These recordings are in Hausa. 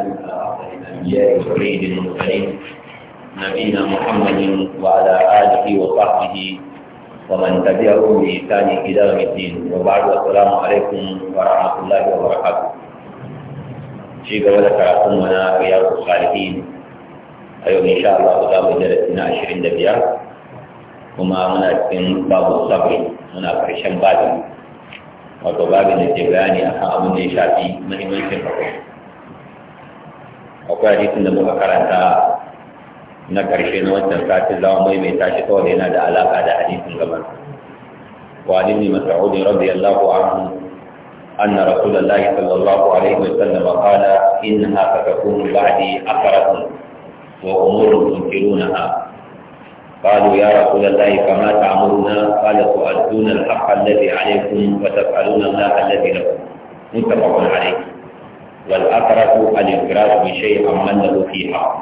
آلك أفضل الأنبياء وسيد المرسلين نبينا محمد وعلى آله وصحبه ومن تبعهم بإحسان إلى يوم الدين وبعد السلام عليكم ورحمة الله وبركاته شيخ ولك رسولنا رياض الصالحين أيوة إن شاء الله غدا مجلسنا عشرين دبيا وما مناسبين باب الصبر منافر شمبالي wato babin da ke bayani a kan abin da ya shafi mahimmancin hakuri akwai hadisin da muka karanta na ƙarshe na wancan satin zama mai mai tashi kawai yana da alaƙa da hadisin gaban wani ne masarudi rabbi allahu anhu an na rasulallah sallallahu alaihi wa sallam a kala in haka ka kuma ba di akaratu wa umurun tunkiru na ha قالوا يا رسول الله فما تعملون قال تؤدون الحق الذي عليكم وتفعلون الله الذي لكم متفق عليه Wal'ad ka rasu, Ali ya gira mu shai a Mandawari ya haɓata.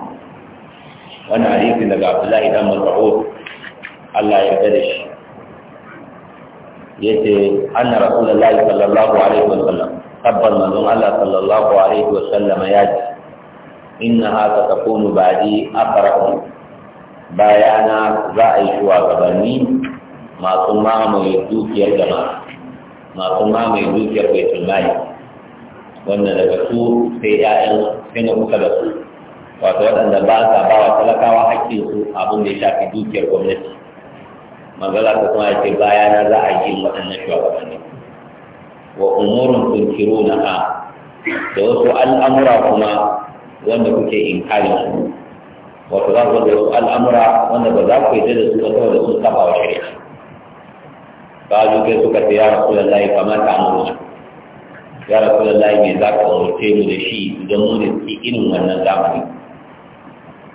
Wani aliki daga Abdullahi Allah ya yi fadashi. Ya ce ana sallallahu alaihi wa sallam. Tabbas Allah sallallahu alaihi wa ya ce. In na hada ta koma ba'adin Bayana za a yi shuwagabanni, masu ma mai dukiyar da ma. Masu ma dukiyar da wanda daga su sai ‘ya'yan sai na kusa da su wato waɗanda ba sa ba wa talakawa hakkin su abin da ya shafi dukiyar gwamnati magana ta kuma ce baya na za a yi waɗannan shugabanni wa umurun tunkiru na ha da wasu al'amura kuma wanda kuke inkarin su wato za ku da wasu al'amura wanda ba za ku yi da su ba saboda sun saba wa shari'a ba su kai suka ce ya rasu kamar ta amurwa ya rasu da layi za ka umarce mu da shi idan mu da ke irin wannan zamani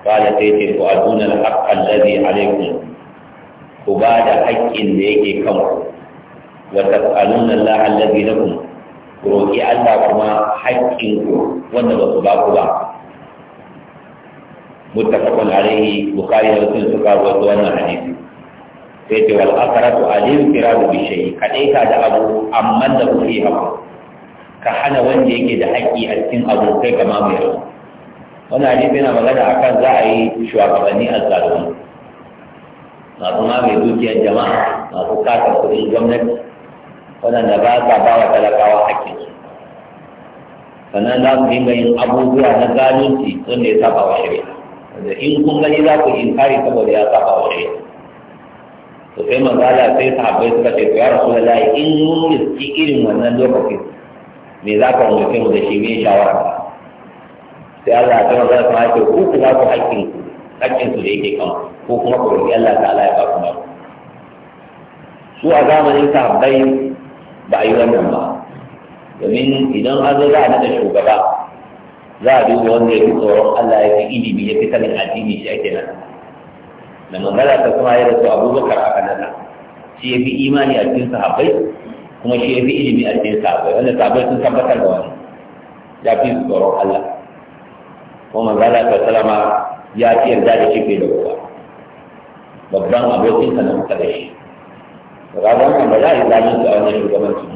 kala sai ce ku aduna alhaqqal ladhi alaykum ku ba da haƙƙin da yake kanku wata tas'aluna Allah alladhi lakum ku roƙi Allah kuma haƙƙin ku wanda ba ku ba ku ba muttafaqun alayhi bukhari da muslim suka rawaito wannan hadisi sai ce wal akratu alim kira da shay kaɗaita da abu amma da kuke haƙuri ka hana wanda yake da haƙƙi a cikin abokai kai mai mamaye Wani hadisi yana magana akan za a yi shugabanni a zalunci masu ma mai dukiyar jama'a masu kasa kuɗin gwamnati waɗanda ba sa ba wa talakawa haƙƙin sannan za su dinga yin abubuwa na zalunci wanda ya saba wa shari'a wanda in kun gani za ku inkari saboda ya saba wa shari'a to sai manzala sai sahabbai suka ce ya rasu da in mun riski irin wannan lokacin. me za ka umarce mu da shi me shawara sai Allah ta magana kuma yake ku ku za ku haƙƙin haƙƙin su da yake kan ko kuma ku roƙi Allah ta'ala ya ba ku mako su a zamanin sahabbai ba a yi wannan ba domin idan an zo za a nada shugaba za a duba wanda ya fi tsoron Allah ya fi ilimi ya fi sanin addini shi ake nan da magana ta kuma ya rasu abubakar aka nada shi ya fi imani a cikin sahabbai kuma shi yafi ilimi a cikin sahabbai wanda sahabbai sun tabbatar da wani ya fi tsoron Allah kuma manzo Allah salama ya fi yarda da shi bai da kowa babban abokin sa na kusa da shi rabar nan ba za a yi zamin su a wannan shugabanci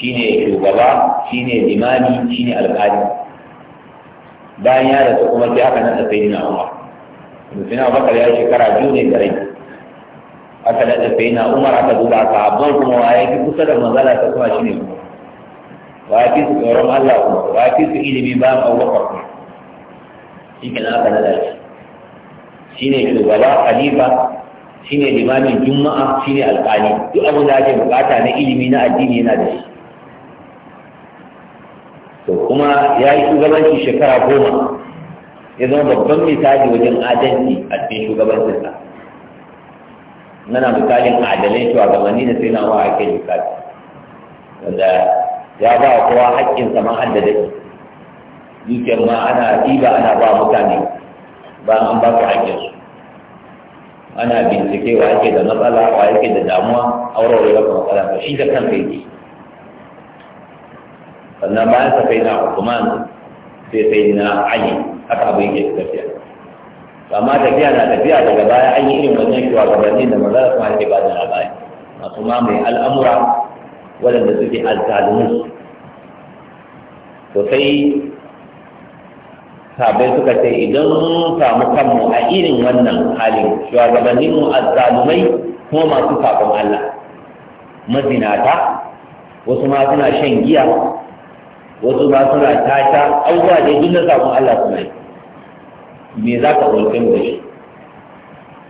shi ne shugaba shi ne limami shi ne alƙali bayan ya rasu kuma sai aka nasa sai na umar mutum na bakar ya shekara biyu ne da rai aka da tafi na umar aka duba a sahabban kuma wa ya fi kusa da manzala ta kuma shi ne kuma wa ya fi su tsoron Allah kuma wa ya fi su ilimi ba a wakar kuma shi ke aka da shi shi ne shugaba khalifa shi ne limamin juma'a shi ne alƙali duk abin da ake bukata na ilimi na addini yana da shi to kuma ya yi shugabanci shekara goma ya zama babban misali wajen adalci a cikin shugabancinsa nana misalin adalai shugabanni da sai nawa ake misali wanda ya ba wa kowa haƙƙin sama haddada shi dukiyar ma ana ɗiba ana ba mutane ba an ba su haƙƙin su ana bincike wa yake da matsala wa yake da damuwa aurore ba kuma matsala ba shi da kansa yake sannan bayan sa sai na Usman sai sai na Ali haka abin yake tafiya amma tafiya na tafiya daga baya an yi irin wannan shugabannin da maza kuma ake ba da baya. masu ma mai al'amura waɗanda suke alzalumin to sai sabai suka ce idan samu kanmu a irin wannan halin shugabanninmu azzalumai kuma masu sakon Allah mazinata wasu ma suna shan giya wasu ma suna tata abubuwa da duk na sakon Allah suna yi me za ka ɗauke da shi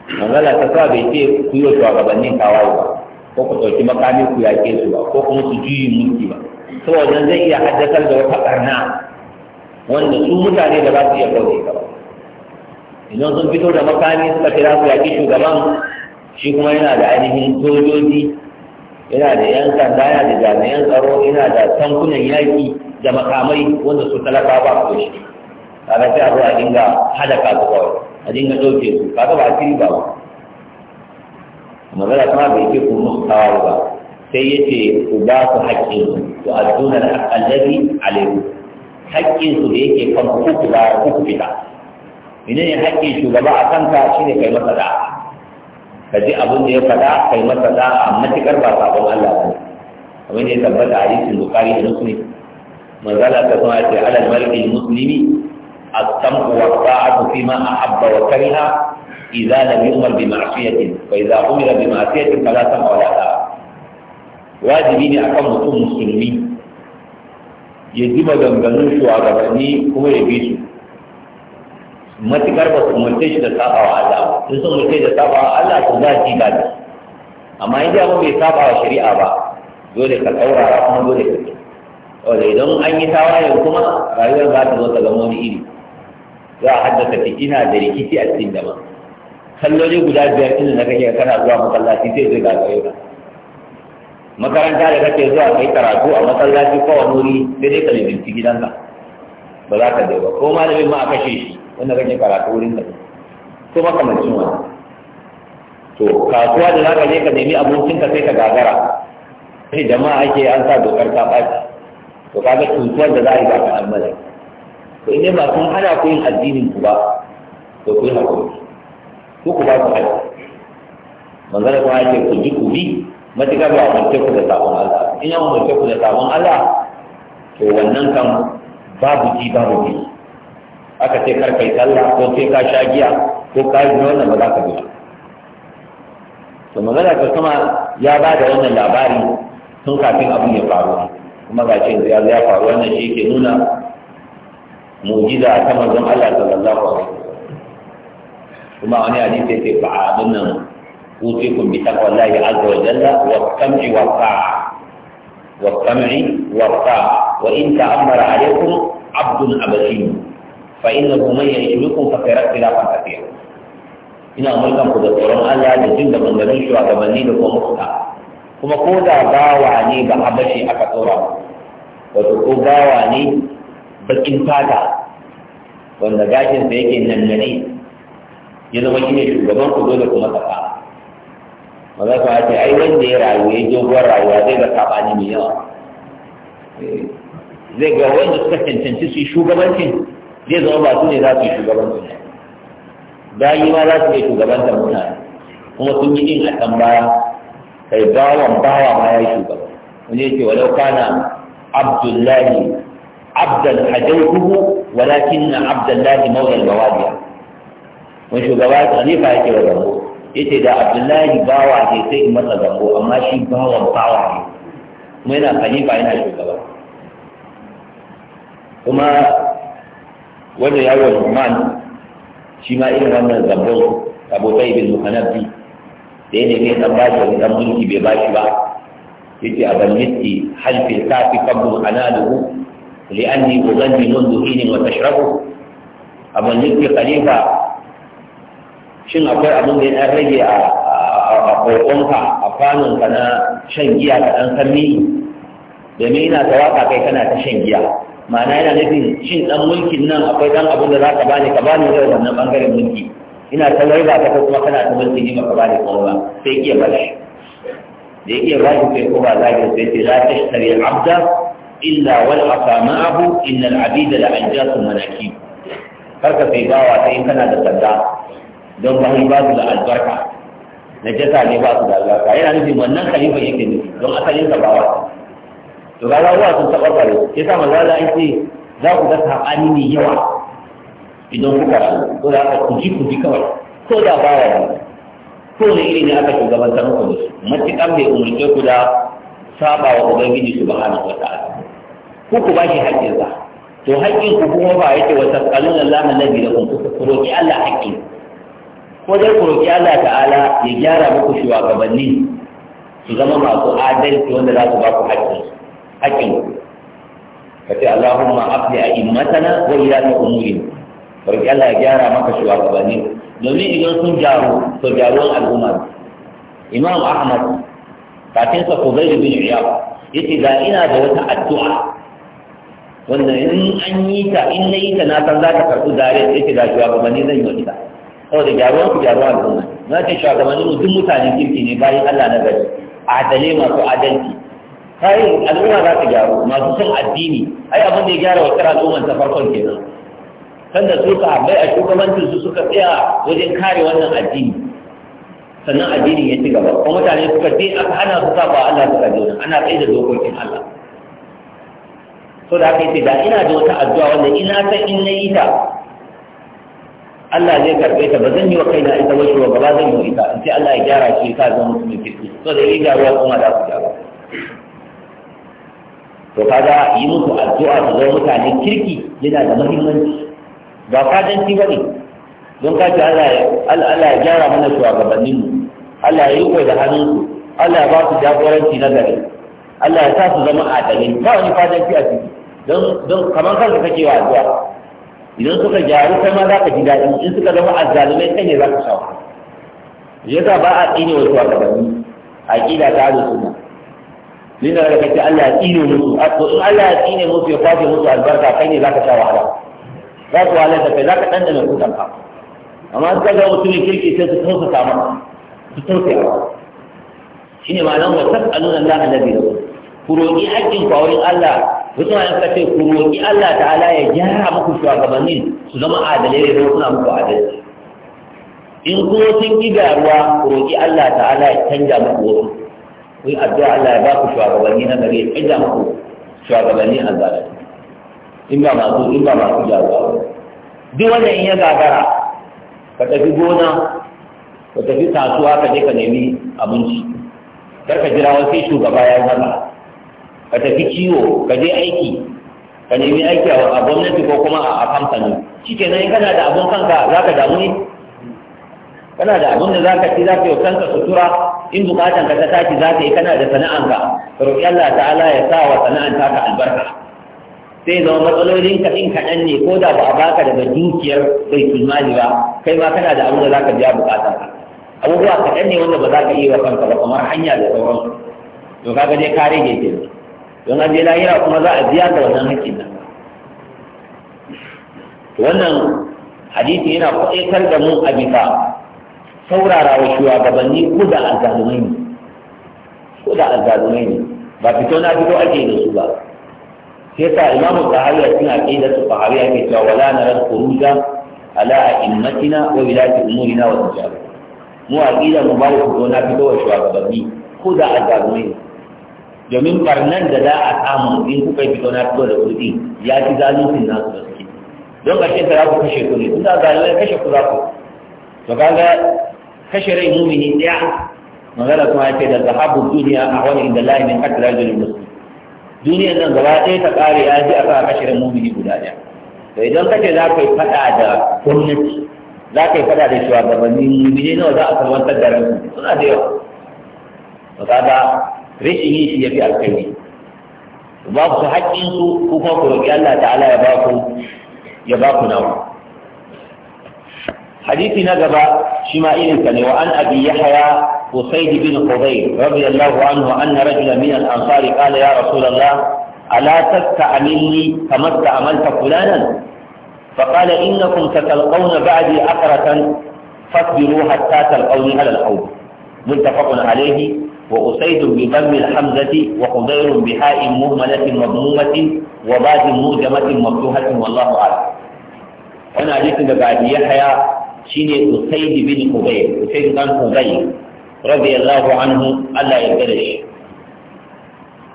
ta sa bai ce ku yi shugabannin kawai ba ko ku ɗauki makami ku yaƙe su ba ko kuma su juyi mulki ba saboda zai iya haddasar da wata ɓarna wanda su mutane da ba su iya kauce ka ba idan sun fito da makami suka kira su yaƙi shugaban shi kuma yana da ainihin sojoji yana da yan sanda yana da jami'an tsaro yana da tankunan yaƙi da makamai wanda su talaka ba a shi kaga sai a a dinga hada su kawai a dinga ɗauke su kaga ba asiri ba amma kuma bai ce ku musu kawo ba sai ya ce ku ba su haƙƙin su to a duna da allazi alaiku haƙƙin su da yake kan ku ku ba ku ku fita menene haƙƙin shugaba a kanka shine kai masa da'a ka ji abin da ya faɗa kai masa da'a matuƙar ba sabon Allah ba ne kamar da ya tabbata a hadisin bukari da muslim manzala ta kuma ce alal malikin musulmi. السمع والطاعة فيما أحب وكره إذا لم يؤمر بمعصية فإذا أمر بمعصية فلا سمع ولا طاعة واجبين أكون mutum musulmi ya ji maganganun shugabanni kuma ya bi su matukar ba su multe shi da saba wa Allah sun sun da saba wa Allah to za ji ba amma in abu bai saba wa shari'a ba dole ka saurara kuma dole ka wanda idan an yi tawaye kuma rayuwar za ta zo ta zama wani iri za a haddasa ina da rikici a cikin jama'a salloli guda biyar tun da kake kana zuwa masallaci sai zai gagaye ka makaranta da kake zuwa kai karatu a masallaci ko wani wuri sai dai ka bibinci gidanka ba za ka je ba ko malamin ma a kashe shi wanda kake karatu wurin ka ko makamancin wani to kasuwa da za ka je ka nemi abincinka sai ka gagara sai jama'a ake an sa dokar ta ɓaci to kaga cutuwar da za a yi ba ka almalai in ne ba sun hana ku yin addinin ku ba to ku yi hakuri ku ku ba ku haɗu manzara ku ya ce ku ji ku bi matuƙar ba umarce ku da sabon Allah in ya umarce ku da sabon Allah to wannan kan babu ji babu bi aka ce kar kai sallah ko sai ka sha giya ko ka yi wannan ba za ka biya to manzara ka kuma ya ba da wannan labari tun kafin abin ya faru kuma ga ce ya faru wannan shi ke nuna mu'jiza ta manzon Allah sallallahu alaihi kuma wani hadisi yake fa abin nan utikum bi taqwallahi azza wa jalla wa tam'i wa ta'a wa tam'i wa ta'a wa in ta'ammara alaykum abdun abashin fa innahu man yashrukum fa khairat khilafan kathira ina mulkan ku da tsoron Allah da jin da bangarin shugabanni da kuma mutunta kuma ko da bawa ne ba habashi aka tsora wato ko bawa ne bakin fata wanda gashin sa yake nan nane ya zama shi ne shugaban ku dole kuma saka maza ku ce ai wanda ya rayu ya doguwar rayuwa zai ga sabani mai yawa eh, zai ga wanda suka cancanci su yi shugabancin zai zama ba su ne za su yi shugabancin bayi ma za su yi shugabantar mutane kuma sun yi in a can baya kai bawan bawa ma ya yi shugaba wani yake walau kana abdullahi abdan hajautuhu walakin abdullahi maulal bawadiya mun shugaba hanifa yake wa zambo yace da abdullahi bawa ne sai in masa zambo amma shi bawan bawa ne kuma yana hanifa yana shugaba kuma wanda ya man wa irin wannan zambon abokai bin muhanabi da ya nemi dan bashi wani mulki bai bashi ba yace a ban miski halfin safi kabul analuhu لأني أغني منذ حين وتشربه أبو نبي خليفة shin akwai abin da ya rage a kokonka a kwanonka na shan giya ka ɗan sanni domin ina ta waka kai kana ta shan giya ma'ana yana nufin shin ɗan mulkin nan akwai ɗan abin da za ka bani ka bani yau wannan ɓangaren mulki ina ta larba ta kuma kana ta mulki ne maka bani kuma ba sai iya bashi da yake bashi sai ko ba za ka sai ce za ta shari'a abda illa wal afa ma'ahu innal abida la anjasu manaki karka sai bawa sai kana da sanda don ba ba su da albarka na jata ne ba su da albarka yana nufin wannan khalifa yake nufi don asalin sa bawa to ga ruwa sun tabarbare yasa ya sa yake za a ce za ku ga sabani ne yawa idan kuka so ko da aka kuji kuji kawai ko da bawa ne ko ne iri ne aka shugabantar ku da su matuƙan bai umarce ku da saba wa ubangiji subhanahu wata ta'ala ko ku bashi haƙƙinsa to haƙƙin ku kuma ba yake wa tasalun Allah annabi da kun ku roki Allah haƙƙin ko dai ku roki Allah ta'ala ya gyara muku shugabanni su zama masu adalci wanda za su ba ku haƙƙin haƙƙin ka ce Allahumma afli a immatana wa ila ta umuri roki Allah ya gyara maka shugabanni domin idan sun gyaru to gyaruwan al'umma Imam Ahmad kafin sa Fudail bin Iyad yace ga ina da wata addu'a Wannan in an yi ta in na yi ta na san za ta karɓi dare ya ce ga shugabanni zan yi wani ta saboda gyaruwar ku gyaruwa al'umma na ce shugabanni mu duk mutane kirki ne bayan Allah na gari adale masu adalci kai al'umma za ta gyaru masu son addini ai abin da ya gyara wa kira al'umman ta farkon kenan sanda su ka bai a shugabancin su suka tsaya wajen kare wannan addini sannan addini ya ci gaba kuma mutane suka je aka hana su saba Allah suka je ana tsaye da dokokin Allah so da aka yi da ina da wata addu'a wanda ina san in na yi ta Allah zai karbe ta ba zan yi wa kaina ita wasu wa ba zan yi ita in sai Allah ya gyara shi ka zama mutumin kirki so da yi gyaruwa kuma da su gyara to kaga yi musu addu'a su zama mutane kirki yana da muhimmanci ba fadanci ba ne don kace Allah ya gyara mana shugabanninmu Allah ya yi da hannunsu Allah ya ba su jagoranci na gari Allah ya sa su zama adalai ba wani fadanci a ciki don don kamar kanka kake wa addu'a idan suka gyaru kai ma za ka ji daɗi in suka zama azzalumai kai ne za ka sha Ya sa ba a tsine wasu a gabanni aqida ta da Ni lina da kai Allah ya tsine musu to in Allah ya tsine musu ya kwace musu albarka kai ne ka sha wahala za ku wahala da kai ka ɗanɗana kutan ka amma in ka ga mutumin kirki sai su tausa ta ma su tausa ne ma'anar wa tas'aluna Allah alladhi ku Kuroki haƙƙin ku wurin Allah wasu ma'anar ka ce kuroki Allah ta'ala ya gyara muku shugabannin su zama adalai da suna muku adalci in kuma sun ƙi garuwa kuroki roƙi Allah ta'ala ya canja muku wasu ku yi addu'a Allah ya ba ku shugabanni na gari ya canja muku shugabanni a zalunci in ba masu in ba masu ba duk wanda in ya gagara ka tafi gona ka tafi kasuwa ka je ka nemi abinci kar ka jira wasu shugaba ya zama ka tafi ciwo ka je aiki ka nemi aiki a gwamnati ko kuma a kamfani shike nan kana da abun kanka za ka damu ne kana da abun da za ka ci za ka yi kanka sutura in bukatan ka ta tashi za ka yi kana da sana'anka ka roƙi Allah ta'ala ya sa wa sana'an ka albarka sai zama matsalolin ka in kaɗan ne ko da ba a baka daga dukiyar bai tulmali ba kai ma kana da abun da za ka biya bukatanka abubuwa kaɗan ne wanda ba za ka iya wa kanka ba kamar hanya da sauransu to kaga dai kare ne ke don an je lahira kuma za a biya da wannan hakkin nan wannan hadisi yana kwaɗaitar da mu a bisa saurara wa shugabanni ko da azzalumai ne ko da azzalumai ne ba fito na fito ake da su ba sai sa imamu sahabiya suna aqida su sahabiya ke cewa wala narar khuruja ala a'immatina wa wilati umurina wa tijara mu a ƙila mu ba da fito na fito wa shugabanni ko da a zalume domin barnan da za a samu in kuka yi fito na fito da kuɗi ya ci zaluncin nasu da suke don ƙarshe ta za ku kashe ku ne tunda zalume kashe ku za ku to kaga kashe rai mumini ɗaya magana kuma ya ce da zahabu duniya a wani inda lahi min hatta rajulin muslim duniyar nan gaba ɗaya ta ƙare ya ji a kan kashirin mumini guda ɗaya to idan kace za ka yi faɗa da gwamnati za ka yi fada da shugabanni mene nawa za a salwantar da ransu suna da yawa to rashin yin shi ya fi alkhairi ba ku haƙƙin su kuma ku roƙi Allah ta'ala ya ba ku ya ba ku nawa hadisi na gaba shi ma irin sa ne wa an abi yahya usayd bin qudayr radiyallahu anhu anna rajulan min al-ansari qala ya rasulullah ala taska aminni kamar da amalta فقال إنكم ستلقون بعدي أثرة فاصبروا حتى تلقوني على الحوض متفق عليه وأسيد بضم الحمزة وخضير بحاء مهملة مضمومة وباد مرجمة مفتوحة والله أعلم أنا حديث بعد يحيى شيني أسيد بن خضير أسيد بن خضير رضي الله عنه ألا يبرش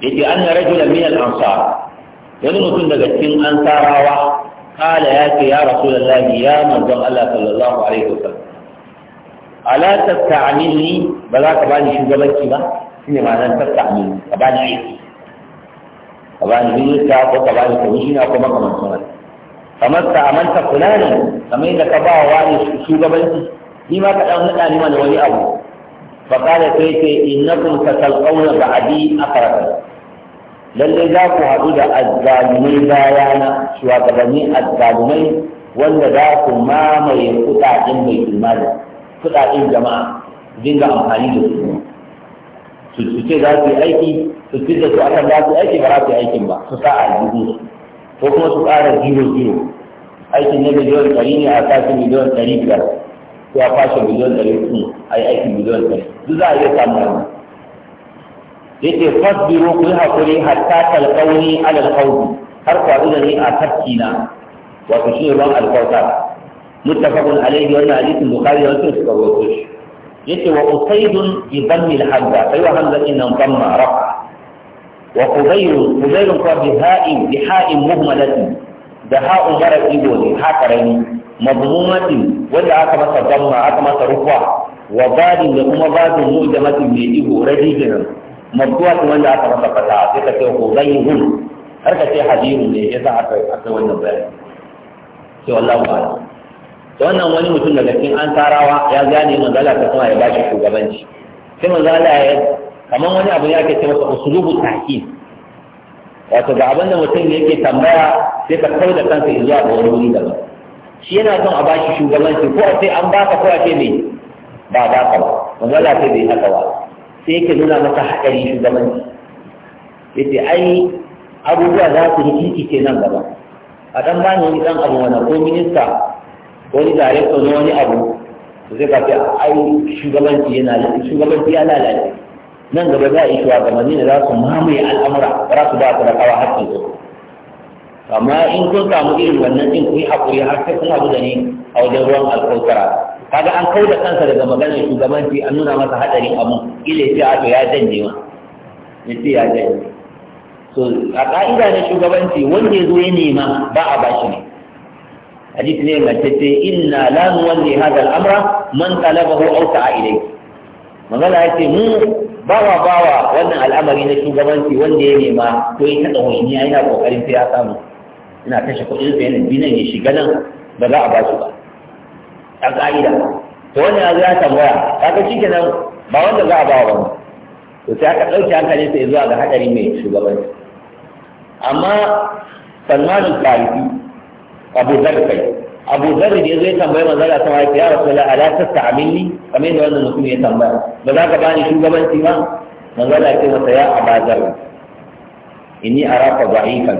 يتي أن رجلا من الأنصار wani mutum daga cikin ansarawa قال يا يا رسول الله يا من ذو الله صلى الله عليه وسلم ألا تستعملني بلا تباني شو جبتي با شنو معنى تستعملني تباني عيسي تباني ميلتا أو تباني كوشينا أو كما كمان سنة فما استعملت فلانا فما إذا كبا واني شو جبتي لما قد أغنقنا لما نولي أبو فقال سيدي إنكم ستلقون بعدي أقرأ lalle za ku haɗu da azzalumai bayana shugabanni azzalumai wanda za ku mamaye kuɗaɗen mai imani kuɗaɗen jama'a dinga amfani da su su su ce za su yi aiki su ci da su akan za su aiki ba za su yi aikin ba su sa a jihu ko kuma su ƙara zero zero aikin ne miliyon ɗari ne a sashi miliyon ɗari biyar ko a fashe miliyon ɗari uku a yi aikin miliyon ɗari duk za a iya samun wannan yace fasbiru ku hakuri hatta talqawni alal alqawmi har ku da ni a tafki na wato shi ruwan alkautar muttafaqun alayhi wannan hadisin bukhari da muslim suka rawaito shi yace wa usaydun bi dhammi al-hamza kai wa hamza inna dhamma rafa wa qubayr qubayr fa bi ha'in bi ha'in muhmalatin da ha'un mara ido ne ha karami madmumatin wanda aka masa dhamma aka masa rufa wa badin da kuma badin mu'jamatin mai ido radi kenan mabuwa ta wanda aka masa fata sai ka ce hun har ka ce hadiru ne ya sa aka aka wannan bayani sai wallahu a'lam to wannan wani mutum daga cikin an tarawa ya gane manzala ta kuma ya ba shi shugabanci sai manzala ya kamar wani abu ya ke ce masa usulubu tahkim wato ga abin da mutum yake tambaya sai ka kai da kanka zuwa ga wani wuri daban shi yana son a ba shi shugabanci ko a ce an baka ko a ce me ba baka ba manzala sai bai haka ba sai yake nuna maka haɗari shugabanci yace ai abubuwa za su yi rikici ce nan gaba a ɗan bani wani ɗan abu wani ko minista wani director na wani abu to zai kafi ai shugabanci yana shugabanci ya lalace nan gaba za a yi shugabanni da za su mamaye al'amura za su ba su da kawa haƙƙin su amma in kun samu irin wannan din kuyi yi haƙuri har sai kun abu da ni a wajen ruwan alkautara kaga an kauda kansa daga maganar shugabanci an nuna masa hadarin abu ile sai a to ya danje ma ya ce ya danje so a ka'ida na shugabanci wanda ya zo ya nema ba a bashi ne hadisi ne ga tete inna la nuwalli hadha al-amra man talabahu aw ta'a ilayhi magana yace mu bawa bawa wannan al'amari na shugabanci wanda ya nema ko ya tada wani yana kokarin sai ya samu ina kashe kuɗin sa yana binan ya shiga nan ba za a ba su ba a ƙa'ida to wani ya zo ya tambaya kaga shi kenan ba wanda za a ba wa ba to sai aka ɗauke hankalin sa zuwa ga haɗari mai shugabanci amma salmanin farisi abu zarfai abu zarri da ya zo ya tambaya manzara ta ma ya rasu la ala tasta amini kamar da wannan mutum ya tambaya ba za ka bani shugabanci ba da manzara ce masa ya abazar inni araka dha'ikan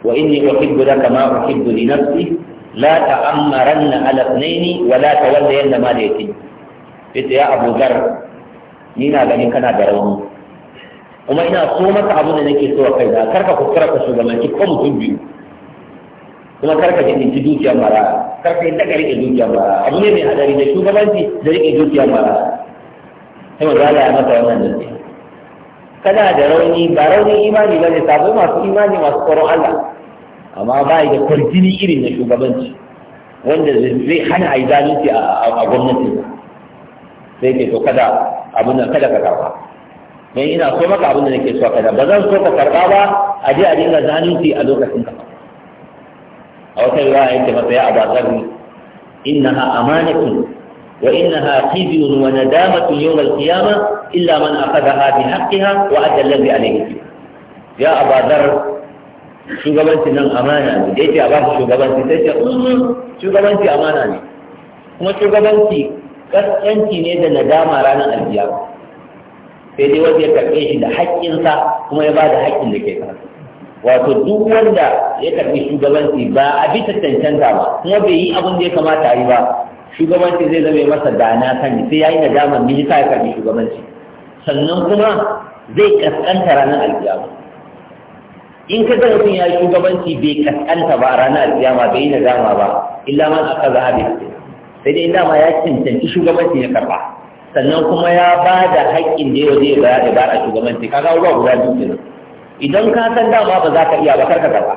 wa inni uhibbu laka ma uhibbu li nafsi la ta'ammaranna ala ithnaini wa la tawallayanna ma la yatim ya Abu Dhar ni na ganin kana da rauni kuma ina so maka abin da nake so a kai da karka kuskura ka shugabanci ko mutum biyu kuma karka jidinci dukiyar mara karka yi daga rike dukiyar mara abu ne mai hadari da shugabanci da rike dukiyar mara sai mu zala ya masa wannan dutse kana da rauni ba raunin imani ba ne sabo masu imani masu Allah amma ba da kwarjini irin na shugabanci wanda zai hana a yi zalunci a gwamnati sai ke to kada abin da kada ka karba don ina so maka abin da nake so kada ba zan so ka karba ba a je a dinga zalunci a lokacin ka a wata riwaya yake masa ya abazarni innaha amanatun wa innaha khizyun wa nadamatun yawm al kiyama, illa man akhadhaha bi haqqiha wa adda alladhi alayhi ya abazar shugabanci nan amana ne da yake a ba shugabanci sai ce mm, mm, shugabanci amana ne kuma shugabanci kaskanci ne da nadama ranar aljiyawa sai dai wanda ya karɓe shi da haƙƙinsa kuma ya ba da haƙƙin da ke kansa wato duk wanda ya karɓi shugabanci ba a bisa cancanta ba kuma bai yi abin da ya kamata a yi ba shugabanci zai zama masa dana kan sai ya yi nadama mini sa ya karɓi shugabanci sannan kuma zai kaskanta ranar aljiyawa in ka zama mutum ya shugabanci bai kaskanta ba a ranar alkiyama bai yi dama ba illa man aka za a bai sai dai dama ya cancanci shugabanci ya karba sannan kuma ya ba da haƙƙin da yau zai bayar da a shugabanci ka ga ruwa guda biyu kenan idan ka san dama ba za ka iya ba karka karba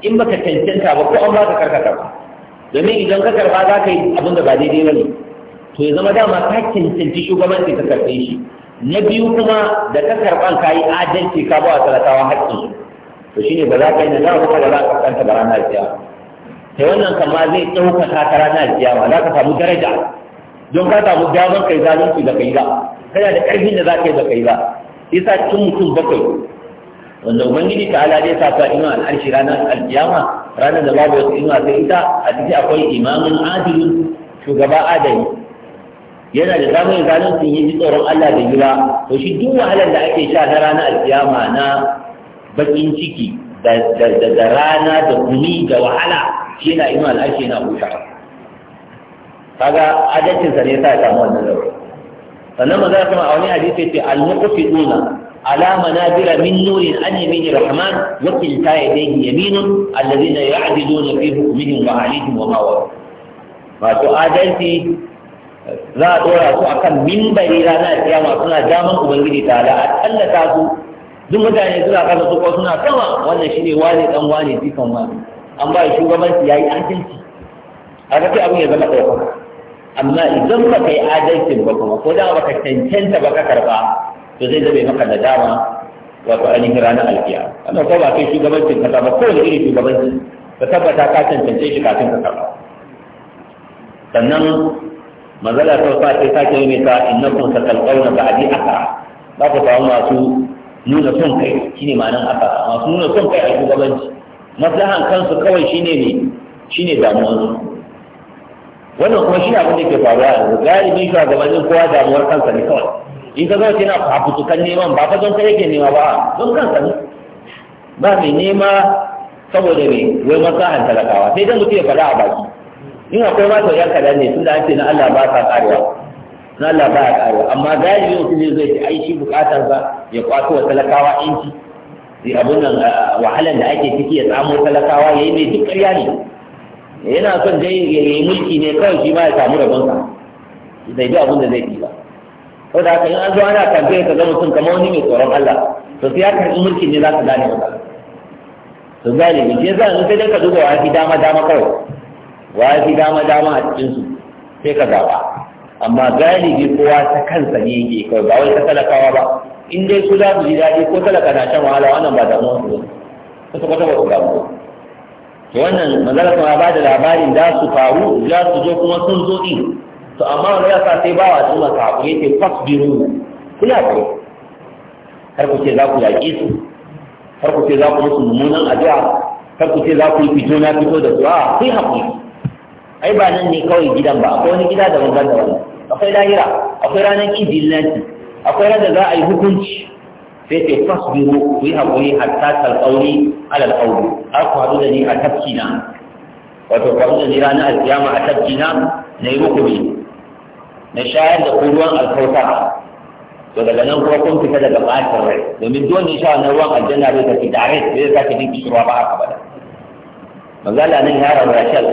in baka cancanta ba ko an ba ka karka karba domin idan ka karba za ka yi abin da ba daidai ba ne to ya zama dama ka cancanci shugabanci ka karɓe shi na biyu kuma da ka karɓan ka yi adalci ka ba wa talakawa haƙƙinsu to shine ba za ka yi nadama ba za ka kanta ba ranar kiyama sai wannan kama zai ɗaukaka ta ranar kiyama za ka samu daraja don ka samu damar kai zalunci da kai ba kana da ƙarfin da za ka yi da kai ba isa cikin mutum bakwai wanda ubangiji ta ala dai saka inuwa al'arshi ranar alkiyama ranar da babu wasu inuwa sai ita a ciki akwai imamin adilin shugaba adali yana da damar zalunci yi tsoron Allah da jira to shi duk wahalar da ake sha na ranar alkiyama na bakin ciki da rana da kuni da wahala shi yana inuwa al'ashi yana huta kaga sa ne sa samu wannan zaure sannan maza kuma a wani hadisi ce al-muqfiduna ala manabira min nurin an yamini rahman wa kilta yadayhi yaminun alladhina ya'diluna fi hukmihim wa alihim wa ma wa wato adalci za a dora su akan minbari ranar kiyama suna daman ubangiji ta ala a tallata su duk mutane suna kasa su suna sama wannan shi ne wane dan wane jikan wane an ba shugabanci yi adalci a ga sai abin ya zama ɗaukaka amma idan ba ka yi adalcin ba kuma ko da ba ka cancanta ba ka karɓa to zai zame maka da dama wato ainihin ranar alfiya. wannan ko ba kai shugabancin kasa ba ko kowane irin shugabanci ka tabbata ka cancance shi kafin ka karɓa sannan mazala ta wasa ta sake yi mai sa innakum satalqawna ba'di akra ba ku samu masu nuna son kai shine ma'anar haka masu nuna son kai a shugabanci maslahan kansu kawai shine ne shine damuwarsu wannan kuma shi abin da ke faruwa yanzu galibin shugabannin kowa damuwar kansa ne kawai in ka zama yana fafutukan neman ba fa don kai yake nema ba don kansa ne ba mai nema saboda me wai maslahan talakawa sai dan mutum ya faɗa a baki in akwai mata to yan kadan ne tunda an ce na Allah ba sa karewa na Allah ba ya ƙaruwa amma galibi mutum zai zai ai shi bukatar ba ya kwato wa talakawa inci sai abin nan wahalar da ake ciki ya samu talakawa ya yi mai duk ƙarya ne yana son dai ya yi mulki ne kawai shi ma ya samu rabonsa bai bi abin da zai fi ba ko da haka in an zo ana kanta ya zama mutum kamar wani mai tsoron Allah to sai ya karɓi mulkin ne za ka gane ba to galibi shi yasa in sai dai ka duba wa fi dama dama kawai wa fi dama dama a cikin su sai ka zaba amma galibi kowa ta kansa ne yake kawai ba wai ta talakawa ba in dai su za su ji daɗi ko talaka na shan wahala wannan ba damuwa su kusa kwata ba su damu to wannan manzala kuma ba da labarin za su faru za su zo kuma sun zo in to amma wani ya sa sai ba wa su masu haƙu yake fasbiru kuna kai har ku ce za ku yaƙi su har ku ce za ku musu mummunan addu'a har ku ce za ku yi fito na fito da su a sai haƙuri ai ba nan ne kawai gidan ba akwai wani gida daban-daban da wani akwai lahira akwai ranar kidin lati akwai ranar da za a yi hukunci sai ce fasbiru ku yi haƙuri hatta talƙauri alal ƙauri har ku haɗu da ni a tafki na wato ku haɗu da ni ranar alƙiyama a tafki na na yi hukumi na shayar da ruwan alkautar to daga nan kuma kun fita daga ɓacin rai domin duk wanda ya sha wannan ruwan aljanna zai tafi tare zai sake jin kishirwa ba haka ba da manzala nan ya rabu ya ce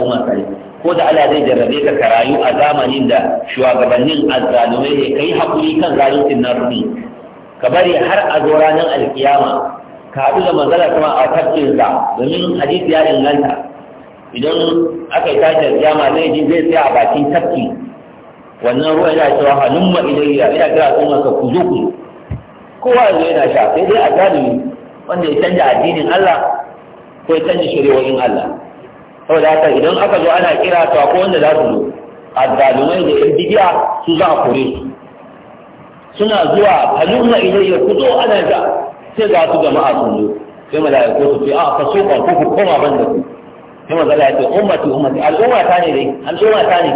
ko da Allah zai jarrabe ka karayu a zamanin da shugabannin azzalumai ne kai hakuri kan zaluncin rubi ka bari har a zo ranar alkiyama ka haɗu da manzala kuma a tafkinsa domin hadisi ya inganta idan aka yi tashi alkiyama zai ji zai tsaya a bakin tafki wannan ruwa yana cewa idan ya ina kira kuma ka ku zo kowa yanzu yana sha sai dai a zalumi wanda ya canja addinin Allah ko ya canja shari'o'in Allah saboda haka idan aka zo ana kira to akwai wanda za su zo azzalumai da yan bidiya su za a kore su suna zuwa halumma idan ya zo ana da sai za su jama'a sun zo sai mala'iku su ce a ka so ka ku koma ban da ku sai manzala ya ce ummati ummati al'umma ta ne dai al'umma ta ne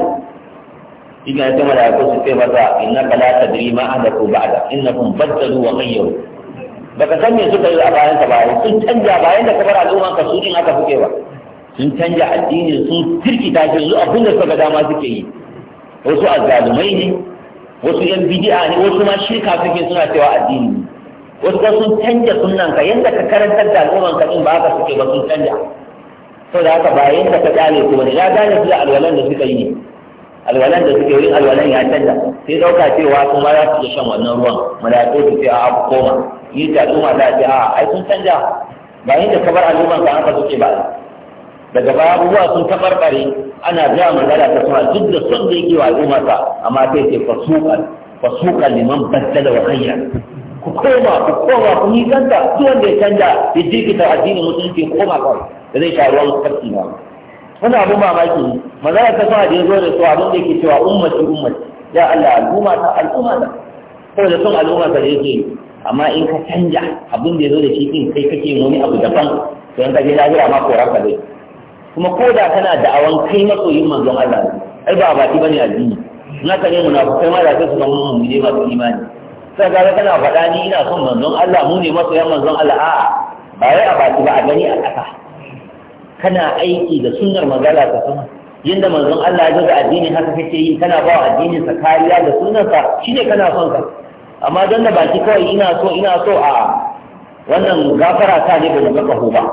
idan sai mala'iku su ce maza innaka ta tadri ma ahdathu ba'da innakum baddalu wa ghayyaru baka san me suka yi a bayan ka ba sun canja bayan da ka bar al'umma ka su in aka fuke ba sun canja addini sun ta shi zuwa abin da suka dama suke yi wasu azalumai ne wasu yan bidi'a ne wasu ma shirka suke suna cewa addini ne wasu ba sun canja sunan ka yanda ka karantar da al'umman ka din ba haka suke ba sun canja saboda haka ba yanda ka tsale su bane ya gane su da alwalan da suka yi ne alwalan da suke yin alwalan ya canza sai dauka cewa kuma za su iya shan wannan ruwan malaƙo su ce a koma yi ta tsuma ta ce a ai sun canja ba yadda ka bar al'umman ka haka suke ba daga baya abubuwa sun tabarbare ana ja magana ta suna duk da son da yake wa al'ummarsa amma sai ce fasukan fasukan liman baddala wa hanya ku koma ku koma ku nisanta duk wanda ya canja ya jirkita addinin musulunci koma kawai da zai sha ruwan tafki na wani abin mamaki ne magana ta suna da ya zo da su abin da yake cewa ummaci-ummaci, ya Allah al'umma ta al'umma ta ko da son al'umma ta da yake amma in ka canja abin da ya zo da shi din kai kake wani abu daban to in ka je lahira ma koran ka zai kuma ko da kana da'awan kai matsoyin manzon Allah ai ba baki bane addini na kare munafikai ma da su zama mu ne masu imani sai ga kana faɗa ni ina son manzon Allah mu ne masoyan manzon Allah a'a ba wai a baki ba a gani a ƙasa kana aiki da sunnar magana ta sama yadda manzon Allah ya ga addini haka kake yi kana ba addini sa kariya da sunnarsa shine kana son ka amma don da baki kawai ina so ina so a wannan gafara ta ne ba ga kaho ba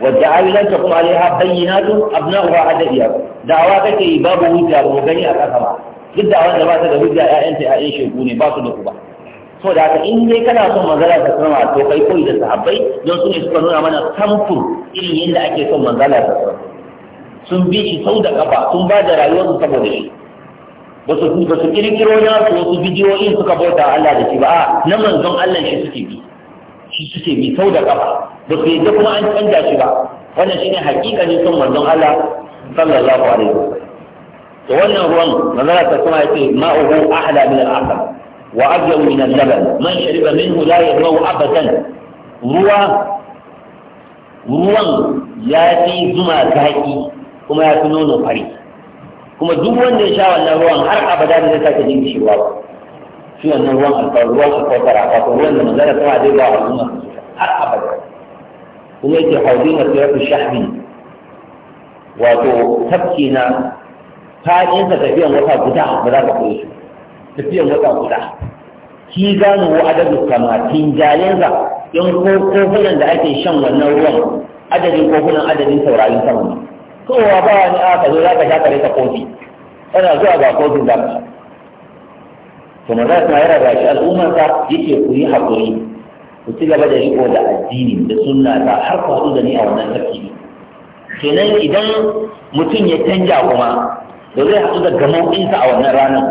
kuma وجعلنا لكم عليها بينات ابناؤها dawa kake yi babu hujja ba gani a kasa ba duk da wanda ba ta da hujja ƴaƴan ta ƴaƴan shegu ne ba su da kuba so da haka in dai kana son manzala ta sama to kai koyi da sahabbai don su ne suka nuna mana samfur irin yadda ake son manzala ta sama sun bi shi sau da kafa sun ba da rayuwarsu saboda shi ba su ba su kirkiro na su wasu bidiyoyin suka bauta Allah da shi ba na manzon Allah shi suke bi shi suke bi sau da kafa ba su yadda kuma an canza shi ba wannan shi shine hakikanin son manzon Allah sallallahu alaihi wa to wannan ruwan manzara ta kuma yace ma'uhu ahla min al-asal wa abyad min al-laban man shariba minhu la yadmau abadan ruwa ruwan ya fi zuma zaki kuma ya fi nono fari kuma duk wanda ya sha wannan ruwan har abada da zai sake jin kishirwa ba shi wannan ruwan alfawar ruwan alfawar wato ruwan da manzara sama zai ba wa al'umma har abada kuma yake haudi na tsirafin shahmi wato tafki na fa'insa tafiyan wata guda ba za ka koyi shi tafiyan wata guda Ki gano wa adadin kamatin jayensa in ko kofunan da ake shan wannan ruwan adadin kofunan adadin saurayin sama ne kowa ba wani aka zo za ka sha kare ka kofi kana zuwa ga kofin za ka sha to maza kuma yana da shi al'ummarsa yake ku yi haƙuri ku ci gaba da riko da addini da sunna ta har ku haɗu da ni a wannan sarki kenan idan mutum ya canja kuma da zai haɗu da gamauɗinsa a wannan ranar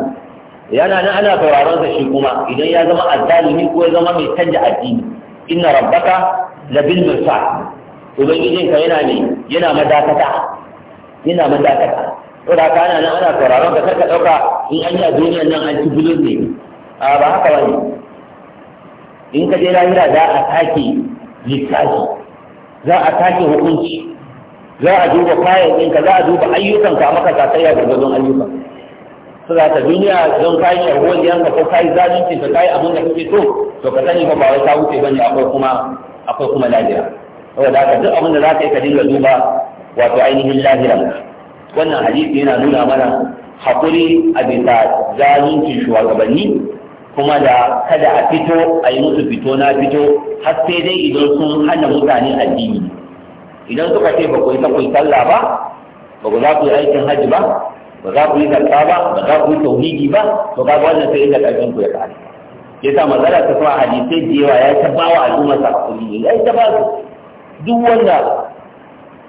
yana nan ana sauraron sa shi kuma idan ya zama azzalimi ko ya zama mai canja addini inna rabbaka labil mirsad ubangijinka yana ne yana madakata yana madakata saboda ka ana nan ana sauraron ka kar ka ɗauka in an yi a duniya nan an ci bulun ne a ba haka wani in ka je lahira za a sake littafi, za a sake hukunci za a duba kayan ɗinka za a duba ayyukan ka maka sakayya gwargwadon ayyukan za ta duniya don kayi sharhuwar yanka ko kayi zalunci ka kayi abin da kake so to ka sani ba wai ta wuce ne akwai kuma akwai kuma lahira saboda haka duk abin da za ka yi ka dinga duba wato ainihin lahiran wannan hadisi yana nuna mana haƙuri a bisa zaluncin shugabanni kuma da kada a fito a yi musu fito na fito har sai dai idan sun hana mutane addini idan suka ce ba ku yi ku sallah ba ba ku za ku yi aikin hajji ba ba za ku yi zakka ba ba za ku yi tauhidi ba to ga wannan sai inda karfin ku ya kare yasa magana ta kuma hadisai da yawa ya ta wa al'ummar sa haƙuri. ya ta ba su duk wanda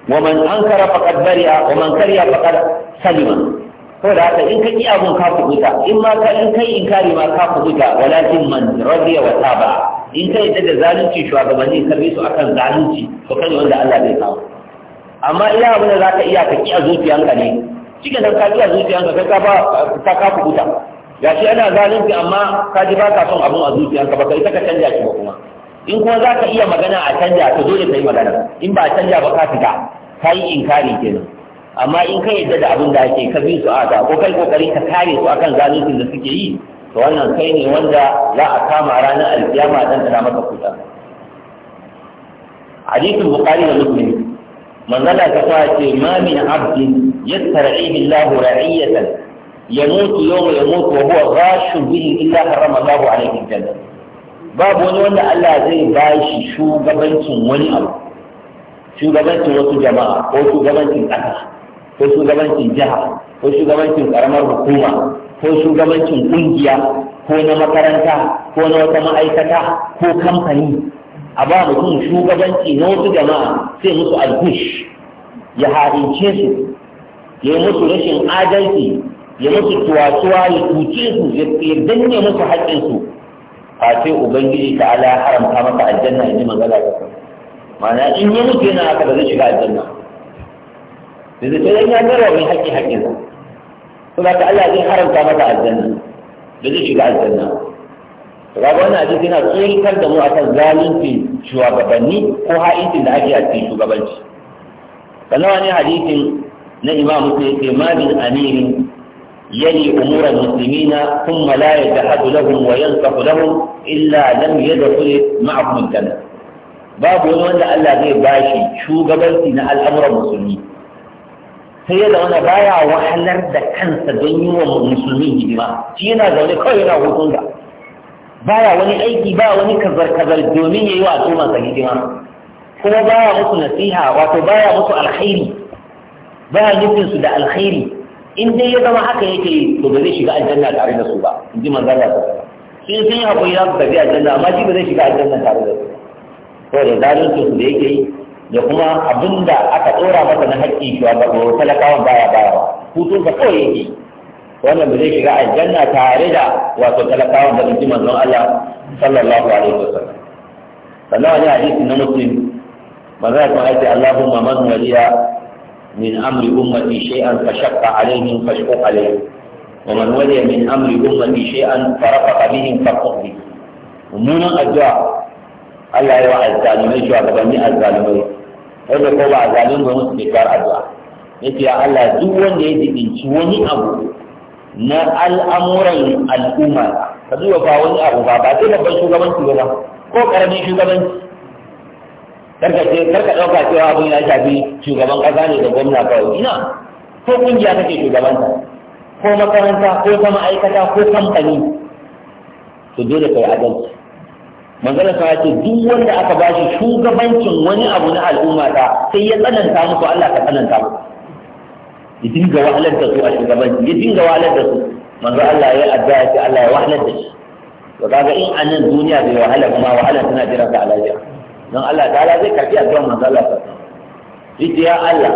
wa man فقد faqad ومن فقد فلا salima ko da كافوتا in ka ki abun ما كافوتا in ma ka in kai كان ma ka شو walakin man سبيس wa taba فكان kai da zalunci shugabanni ka su akan zalunci to kai wanda Allah bai kawo amma ina abin da zaka iya ka ki a zuciyanka ne ka a zuciyanka kai ka amma ka ba son abun a ka canja shi ba kuma in kuma za ka iya magana a canja to dole ka yi magana in ba a canja ba ka fita ka yi inkari kenan amma in ka yadda da abin da ake ka bi su aka ko kai kokari ka kare su akan zaluncin da suke yi to wannan kai ne wanda za a kama ranar alkiyama dan tana maka kuta hadisin bukhari da muslim manzala ta fa ce ma min abdin yastar'ihi Allah ra'iyatan yamutu yawma yamutu wa huwa ghashu bihi illa harrama Allahu alayhi al-jannah babu wani wanda Allah zai bashi shugabancin wani abu shugabancin wasu jama'a ko shugabancin ƙasa ko shugabancin jiha ko shugabancin ƙaramar hukuma ko shugabancin ƙungiya ko na makaranta ko na wata ma'aikata ko kamfani a ba mutum shugabanci na wasu jama'a sai musu algush ya harince su ya yi musu rashin adalci ya musu tuwatuwa ya tuce su ya danne musu haƙƙinsu a ce ubangiji ta ala haramta maka aljanna in ji magana ta ma'ana in yi mutu yana haka ba zai shiga aljanna da zai sai ya gara mai haƙƙi haƙƙin sa to ba ka Allah zai haramta maka aljanna da zai shiga aljanna to ga wannan hadisi yana tsoratar da mu akan zalunci shugabanni ko ha'incin da ake a cikin shugabanci sannan wani hadisin na imam muslim ke ma bin umuran يلي أمور المسلمين ثم لا يجحد لهم وينصح لهم إلا لم يدخل معهم الجنة babu wani wanda Allah zai bashi shugabanci na al'amuran musulmi sai ya zauna baya wahalar da kansa don yi wa musulmi hidima shi yana zaune kawai yana hutun da baya wani aiki ba wani kazar-kazar domin ya yi wa al'ummarsa hidima kuma baya musu nasiha wato baya musu alkhairi baya nufin su da alkhairi in dai ya zama haka yake to ba zai shiga aljanna tare da su ba in ji manzon ta. sai sun yi haƙuri za su tafi aljanna amma shi ba zai shiga aljanna tare da su ko da zalunci su da yake yi da kuma abin da aka tsora masa na haƙƙi shuwa ga ko talakawan baya baya hutun ka kawai yake wannan ba zai shiga aljanna tare da wato talakawan da mutum don Allah sallallahu alaihi wasallam sannan wani hadisi na muslim manzon Allah ya ce Allahumma man waliya من أمر أمتي شيئا فشق عليهم فاشقق عليهم ومن ولي من أمر أمتي شيئا فرفق بهم فارفق به ومن الدعاء Allah ya wa azzalumai shugabanni azzalumai wanda ko ba azzalumai ba musu kekar addu'a yace ya Allah duk wanda ya jibinci wani abu na al'amuran al'umma ka duba ba wani abu ba ba sai babban shugabanci ba ko karamin shugabanci karka ce karka dauka cewa abin ya shafi shugaban kasa ne da gwamna kawai ina ko kungiya kake shugabanta ko makaranta ko kuma aikata, ko kamfani to dole kai adalci magana ta ce duk wanda aka ba shi shugabancin wani abu na al'umma ta sai ya tsananta musu Allah ka tsananta musu ya dinga wahalar da su a shugabanci ya dinga wahalar da su manzo Allah ya addu'a ya ce Allah ya wahalar da shi to kaga in a nan duniya bai wahala kuma wahala tana jira ta alajiya don Allah ta'ala zai karbi addu'a manzo Allah ta yace ya Allah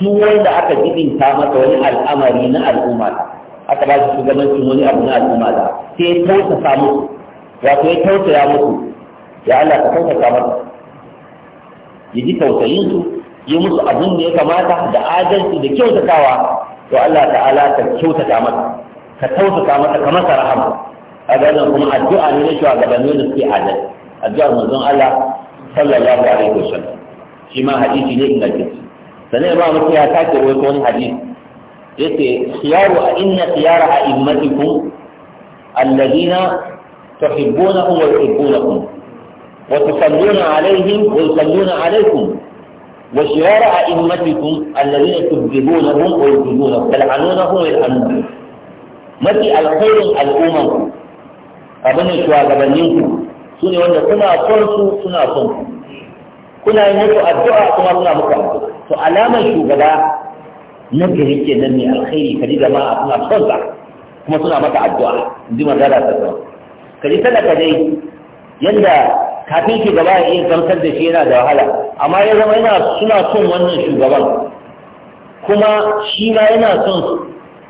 duk wanda aka jibinta masa wani al'amari na al'umma ta, aka ba shi shugabancin wani abu na al'umma ta sai ya tausa samu wato ya tausaya musu ya Allah ka tausasa masa ya ji tausayin su yi musu abin da ya kamata da adalci da kyautatawa to Allah ta'ala ka kyautata masa ka tausasa masa ka masa rahama a ganin kuma addu'a ne na shugabanni da suke adalci addu'ar manzon Allah sallallahu alaihi wasallam shi ma hadisi ne ingantacce sannan imam mutum ya sake rawaito wani hadisi yace khiyaru a inna khiyara a immatikum alladina تحبونه وتحبونهم وتصلون عليهم ويصلون عليكم وشرار أئمتكم الذين تبذبونهم ويبذبونهم تلعنونهم ويلعنونهم متي الخير الأمم أبني شو هذا منكم سوني وانا كنا أصنسوا كنا أصنسوا كنا ينسوا الدعاء كنا كنا مكتب فألام شو بلا نجري جنمي الخير فليد ما أصنسوا كما كنا مكتب الدعاء دي ما زالت أصنسوا ka ji talaka dai yadda kafin shugaba ya iya gamsar da shi yana da wahala amma ya zama yana suna son wannan shugaban kuma shi ma yana son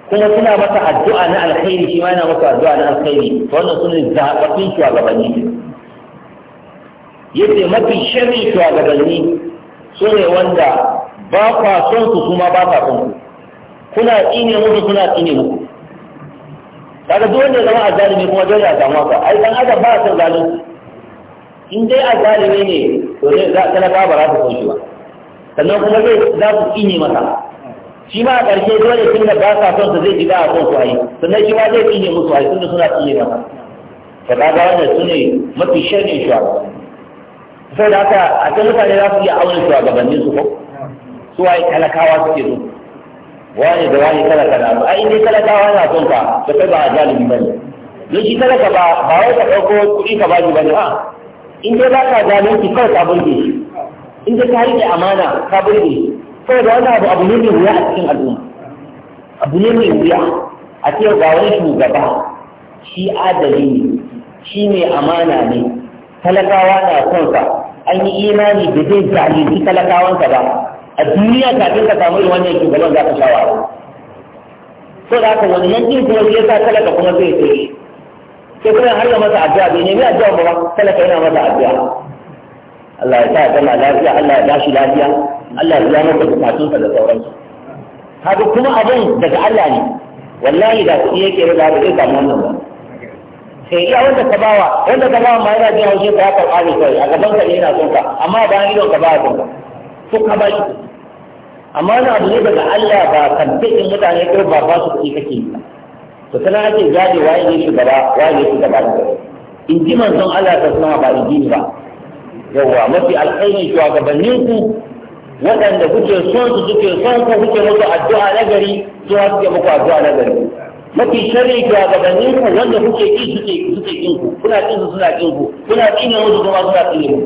kuma suna masa addu'a na alkhairi shi ma yana masa addu'a na alkhairi wannan su ne zaɓaɓɓun shugabanni Yadda mafi sharrin shugabanni su ne wanda ba kwa son su kuma ba kwa son ku kuna tsine musu kuna tsine muku kaga duk wanda ya zama azalimi kuma dole a samu haka ai dan adam ba san zalunci in dai azalimi ne to ne za ta ba za ta kauce ba sannan kuma zai za ku kinye masa shi ma a ƙarshe dole tun da ba sa son su zai shiga a son su ayi sannan shi ma zai kinye musu ayi tun da suna kinye masa to kaga wannan su ne mafi sharri shugabanni sai da haka a kan mutane za su iya aure shugabannin su ko su waye talakawa suke so wani da wani talaka na ba ai dai talakawa na son ka da kai ba zalimi ba ne don shi talaka ba ba wai ka ɗauko kuɗi ka bashi ba ne in dai ba ka zalunci kai ka burge shi in dai ka da amana ka burge shi da wani abu abu ne mai wuya a cikin al'umma abu ne mai wuya a cikin ga wani shugaba shi adali ne shi mai amana ne talakawa na son ka an yi imani da zai kala talakawansa ba a duniya kafin ka samu irin wannan shugaban za ka sha wahala so da haka wannan jin kuma shi yasa talaka kuma zai so sai kuma har ya masa addu'a bai nemi addu'a ba talaka yana masa addu'a Allah ya sa ya gama lafiya Allah ya dashi lafiya Allah ya zama masa bukatunsa da sauransu haka kuma abin daga Allah ne wallahi da kuɗi yake riga ba zai samu wannan ba sai iya wanda ka bawa wanda ka bawa ma yana jin haushin ka ya karɓa ne kawai a gaban ka ne yana son ka amma bayan idon ka ba ka son ka so amma wani abu ne daga Allah ba kamfetin mutane ko ba ba su kuɗi kake yi to kana ake gane waye ne shi gaba waye ne gaba da in ji manzon Allah ta sama ba in ji ni ba yawwa mafi alkhairin gabanin ku waɗanda kuke son su suke son ku kuke musu addu'a na gari su ma suke muku addu'a na gari mafi sharri shugabannin ku wanda kuke ki suke suke kin ku kuna kin su suna kin ku kuna kin musu kuma suna kin ku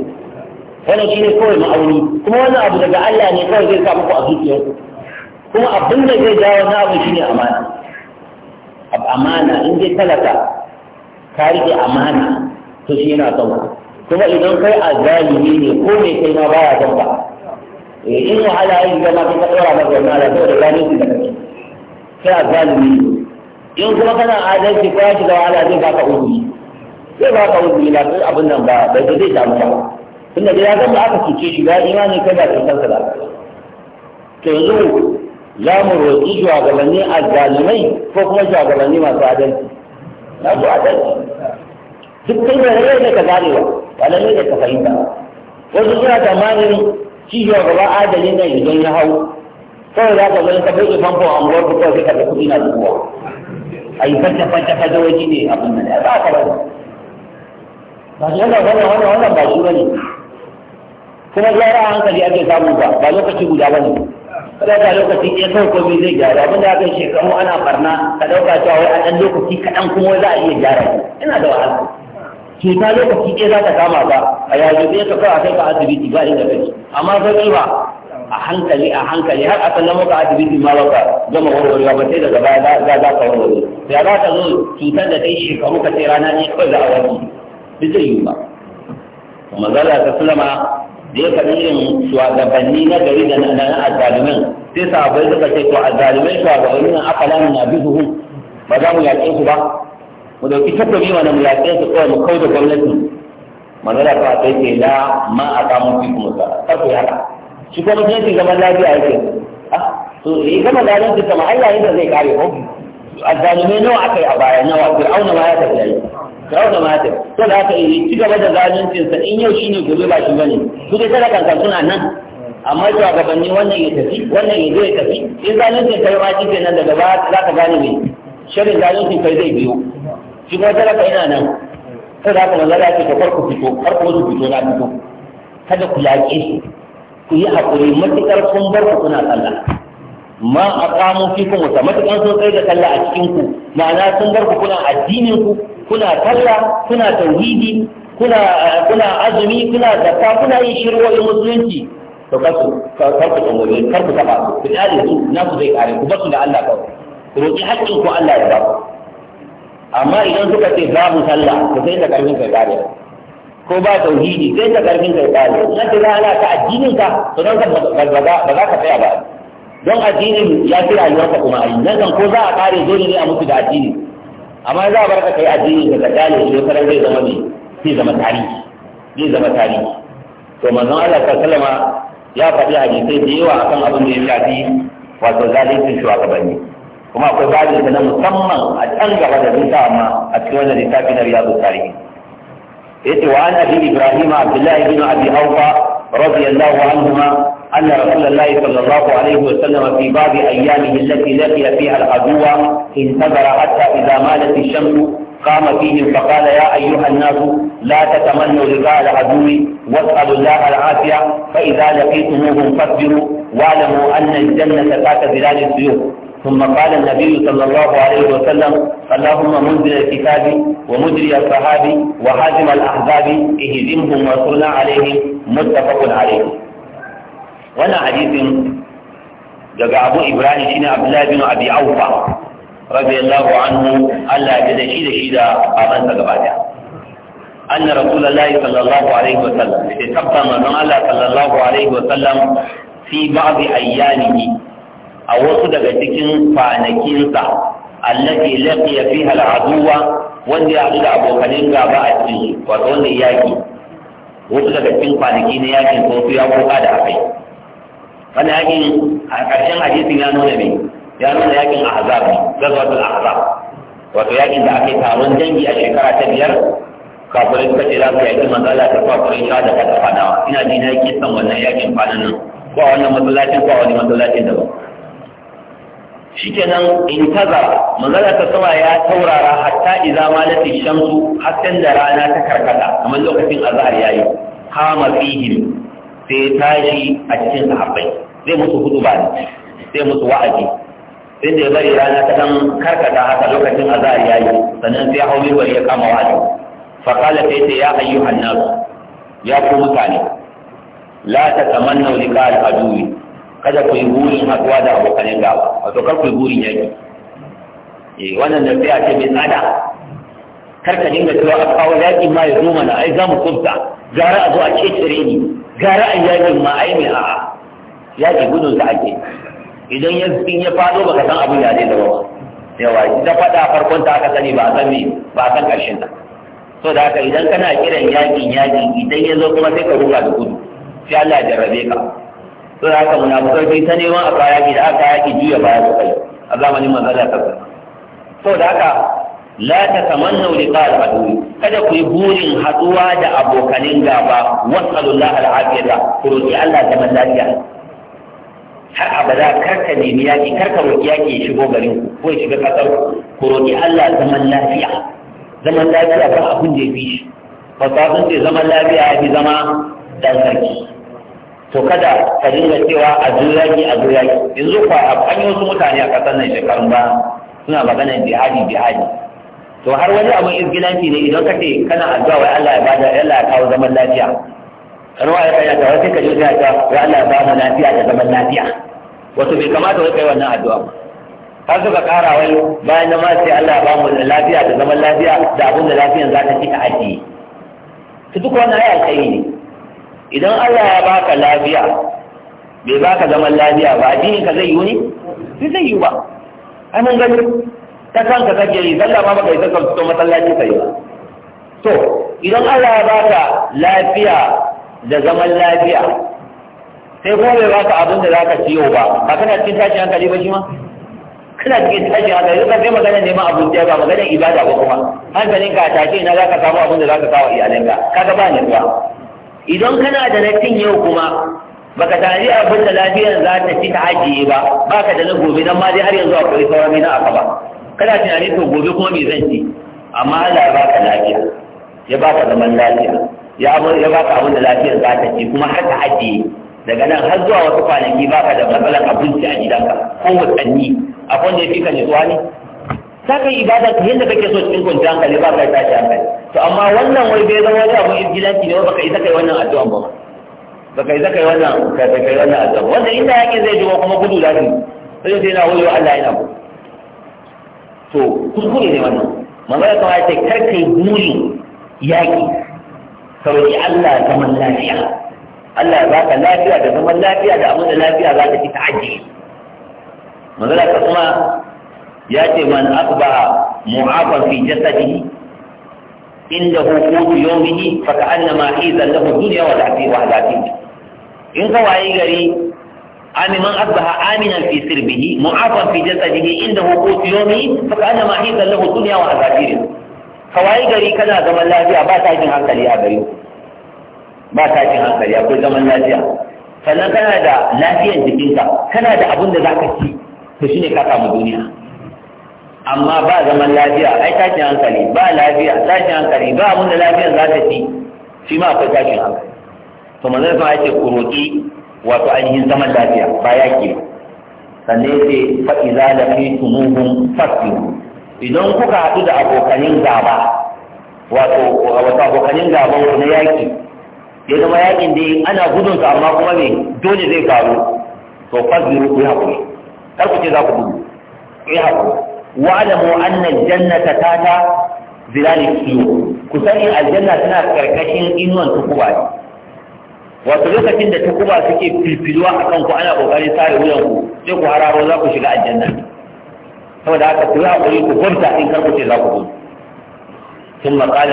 wannan shi ne kawai ma'auni kuma wannan abu daga Allah ne kawai zai sa muku a zuciyarku kuma abin da zai jawo na abu ne amana Abu amana in dai talaka ka rike amana to shi yana sauka. kuma idan kai a zalimi ne ko me kai ma baya son ba eh, in wahala yin zama ka tsora maka wannan ala saboda gani su da kake sai azalimi ne in kuma kana adalci ko ya shiga wahala zai baka uzuri zai baka uzuri ba abin nan ba bai zai damu ba tunda da ya zama aka cuce shi ga imani kai ba cutar sa ba to yanzu za mu roƙi shugabanni a zalimai ko kuma shugabanni masu adalci na su adalci duk kai da rayuwar da ka zarewa ba lalle da ka fahimta wasu suna tsammanin shi shugaba adalin ne idan ya hau kawai za ka zai ka buɗe famfo a unguwar ku kawai ka ga kuɗi na zuwa a yi fanta fanta fanta waje ne abin da ba ka ba ba shi wannan wannan wannan ba shi ba ne kuma gyara a hankali ake samu ba ba lokaci guda ba ne kada ka lokaci ɗaya kawai komai zai gyara abinda da aka yi shekaru ana barna ka ɗauka cewa wai a ɗan lokaci kaɗan kuma za a iya gyara ina da wahala cuta lokaci ɗaya za ta kama ba a yaji ɗaya ka kawo a kai ka asibiti ba inda kai amma sauƙi ba a hankali a hankali har a sannan maka asibiti ma ka gama warwarewa ba sai daga baya za za ka warware ya za ka zo cutar da kai shekaru ka sai rana ne kawai za a warke bisa zai yi ba. Mazala ta sulama da ya faɗi irin shugabanni na gari da na azzalumin sai sahabbai suka ce to azzalumin shugabanni na aka lamu na bi zuhu ba za mu yaƙe su ba mu ɗauki takobi mana mu yaƙe su kawai mu kau da gwamnati manzara ta sai ce la ma a samu fi kuma sa ta ku haka shi kuma mutunci zaman lafiya yake ah to eh zaman lafiya ma. Allah da zai kare ko azalume nawa aka yi a baya nawa fir'auna ma ya tafi yayi fir'auna ma ya tafi to da aka yi eh, ci gaba da zaluncin sa in yau shine gobe ba shi bane su dai kada kan suna nan amma gabanni wannan ya tafi wannan ya zo ya tafi in zaluncin kai ma shi kenan daga baya za ka gane me shirin zaluncin kai zai biyo shi kuma talaka ina nan sai da haka manzo ya ce kar ku fito kar wani fito na fito kada ku yaƙe ku yi haƙuri matuƙar kun bar ku kuna sallah ma a kamo fi kuma ta matukan sun tsaye da kalla a cikin ku ma'ana sun bar ku kuna addinin ku kuna talla, kuna tauhidi kuna eh, kuna azumi kuna zakka kuna yin shirwoyin musulunci to kasu karku tsangwani karku taba su ku tsare su na su zai kare ku basu da Allah kawai ku roƙi haƙƙin ku Allah ya ba ku amma idan suka ce babu sallah ku sai da karfin kai kare ko ba tauhidi sai da karfin kai kare na ce za ta addinin ka to don ka ba za ka tsaya ba don addinin ya fi rayuwarka kuma a yi nan kan ko za a kare dole ne a mutu da addini amma za a barka kai addini ka kale shi wata zai zama ne zai zama tarihi zai zama tarihi to manzon Allah sallama ya faɗi hadisai da yawa akan abin da ya shafi wato zalincin shugabanni kuma akwai babin da na musamman a can gaba da zai amma a cikin wannan littafi na riyadu tarihi yace wa an abi ibrahim abdullahi bin abi رضي الله عنهما أن رسول الله صلى الله عليه وسلم في بعض أيامه التي لقي فيها العدو انتظر حتى إذا مالت الشمس قام فيهم فقال يا أيها الناس لا تتمنوا لقاء العدو واسألوا الله العافية فإذا لقيتموهم فاصبروا واعلموا أن الجنة تحت ظلال السيوف ثم قال النبي صلى الله عليه وسلم اللهم منزل الكتاب ومجري الصحابي وحازم الأحزاب اهزمهم وصلنا عليهم متفق عليه وانا حديث daga abu ibrahim shine abdullahi bin abi aufa radiyallahu anhu Allah ya da shi da shi da babansa gaba daya anna rasulullahi sallallahu alaihi wa sallam sai tabbata manzon Allah sallallahu alaihi wa sallam fi ba'd ayyamihi a wasu daga cikin kwanakinsa allati laqiya fiha al'aduwa wanda ya da abokanin gaba a cikin wato wanda yaki wasu daga cikin kwanaki na yakin ko su ya koka da akai wannan yakin a ƙarshen hadisin ya nuna ne ya nuna yakin ahzab ne gazwatul ahzab wato yakin da aka taron dangi a shekara ta biyar kafirai suka ce za su yaki matsala ta kafirai sha da kada fadawa ina jin na kisan wannan yakin kwanan nan ko a wannan masallacin ko a wani masallacin daban shikenan in kaza manzala ta sama ya taurara hatta idza malati shamsu hatta da rana ta karkata kamar lokacin azhar yayi kama fihim sai tashi a cikin sahabbai zai musu hudu ba ne sai musu wa'azi sai da ya bari rana ta dan karkata haka lokacin azhar yayi sannan sai hawo minbar ya kama wa'azi fa qala sai ya ayyuhan nas ya ku mutane la tatamannu liqa al-aduwi kada ku yi burin haɗuwa da abokanin gaba wato kar ku yi burin yaki eh, wannan da fiya ce mai tsada kar ka dinga cewa a kawo yaƙi ma ya zo mana ai za mu kubta gara a zo a ce cire ni gara a yaƙin ma ai mai a'a yaƙi gudun da ake idan ya in ya faɗo baka san abin ya zai zama ba yawa ita faɗa farkon ta aka sani ba a san me ba a san ƙarshen ta so da haka idan kana kiran yaƙin yaƙi idan ya zo kuma sai ka ruga da gudu sai Allah ya jarrabe ka to da haka munafukai bai ta neman a kaya ki da aka yaki juya baya su kai a zamanin manzala ta to da haka la ta tamanna li qal adu kada ku yi burin haduwa da abokanin gaba wasallallahu al-afiyata ku roki Allah da lafiya har abada kar ka nemi yaki kar ka roki yaki ya shigo garin ku ko ya shiga kasar ku roki Allah zaman lafiya zaman lafiya ba abun da ya fi shi fasahun ce zaman lafiya ya fi zama dan sarki to kada ka dinga cewa a zuraki a zuraki yanzu kwa a an wasu mutane a ƙasar nan shekarun ba suna maganar jihadi jihadi to har wani abin izgilanci ne idan ka ce kana addu'a wai Allah ya bada Allah ya kawo zaman lafiya kan wa ya kai ta wai ka je sai ta wai Allah ya bada lafiya da zaman lafiya wato bai kamata wai kai wannan addu'a ba har suka kara wai bayan na ma sai Allah ya ba mu lafiya da zaman lafiya da abin da lafiyan za ta ci ta ajiye Su duk wannan ai alkhairi ne idan Allah ya baka lafiya bai baka zaman lafiya ba addinin ka zai yi ne sai zai yi ba ai mun gani ta kanka kake yi sallah ma baka yi sallah fito masallaci kai ba to idan Allah ya baka lafiya da zaman lafiya sai ko bai baka abin da zaka siyo ba ba kana cikin tashin hankali ba shi ma kana cikin tashin hankali zaka sai magana neman abin da ba magana ibada ba kuma hankalinka a tashe na zaka samu abin da zaka kawo ka? kaga ba ne ba idan kana da na yau kuma baka tari abin da lafiyar za ta ci ta ajiye ba baka da na gobe dan ma dai har yanzu akwai saurami na aka ba kana tunani to gobe kuma me zan ci amma Allah ya baka lafiya ya baka zaman lafiya ya ya baka abin da lafiyar za ta ci kuma har ta ajiye daga nan har zuwa wasu kwanaki baka da matsalar abinci a gidanka ko watanni akwai wanda ya fi ka nutsuwa ne sa ka yi ibada ta yadda kake so cikin kwanciyar hankali ba ka tashi hankali to amma wannan wai bai zama wani abu izgilanci ne baka isa kai wannan addu'a ba baka isa kai wannan kai kai wannan addu'a wanda inda yake zai ji kuma gudu da shi sai sai na wayo Allah yana ku to kuskure ne wannan manzo ta ya ce kar kai buri yaki saboda Allah zaman lafiya Allah ya baka lafiya da zaman lafiya da abin da lafiya za ta ci ta'aji manzo ta kuma ya ce man akba mu'afa fi jasadihi inda hukutu yawmihi fa ka'annama izan lahu dunya wa zafi wa in ka waye gari amiman asbaha aminan fi sirbihi mu'afan fi jasadihi inda hukutu yawmihi fa ka'annama izan lahu dunya wa zafi ka waye gari kana zaman lafiya ba ta hankali a gari ba ta hankali akwai zaman lafiya sannan kana da lafiyar jikinka kana da abun da za ka to ka samu duniya amma ba zaman lafiya ai tashin hankali ba lafiya tashin hankali ba abin da lafiya za ta ci shi ma akwai tashin hankali to manzon sa yake kuroki wato ainihin zaman lafiya ba yaki ba sannan sai fa fi tumuhum fasu idan kuka haɗu da abokanin gaba wato wato abokanin gaba ku na yaki ya zama yakin dai ana gudun sa amma kuma me dole zai faru to fasu ku yi haƙuri kar ku ce za ku gudu ku yi haƙuri wa'lamu anna jannata tata zilali kiyo ku sani aljanna tana karkashin inuwan tukuba ne wato lokacin da tukuba suke filfilwa a kanku ana kokarin sare wuyan ku sai ku hararo za ku shiga aljanna saboda haka ku yi hakuri ku gwamta in kar ce za ku gudu ثم قال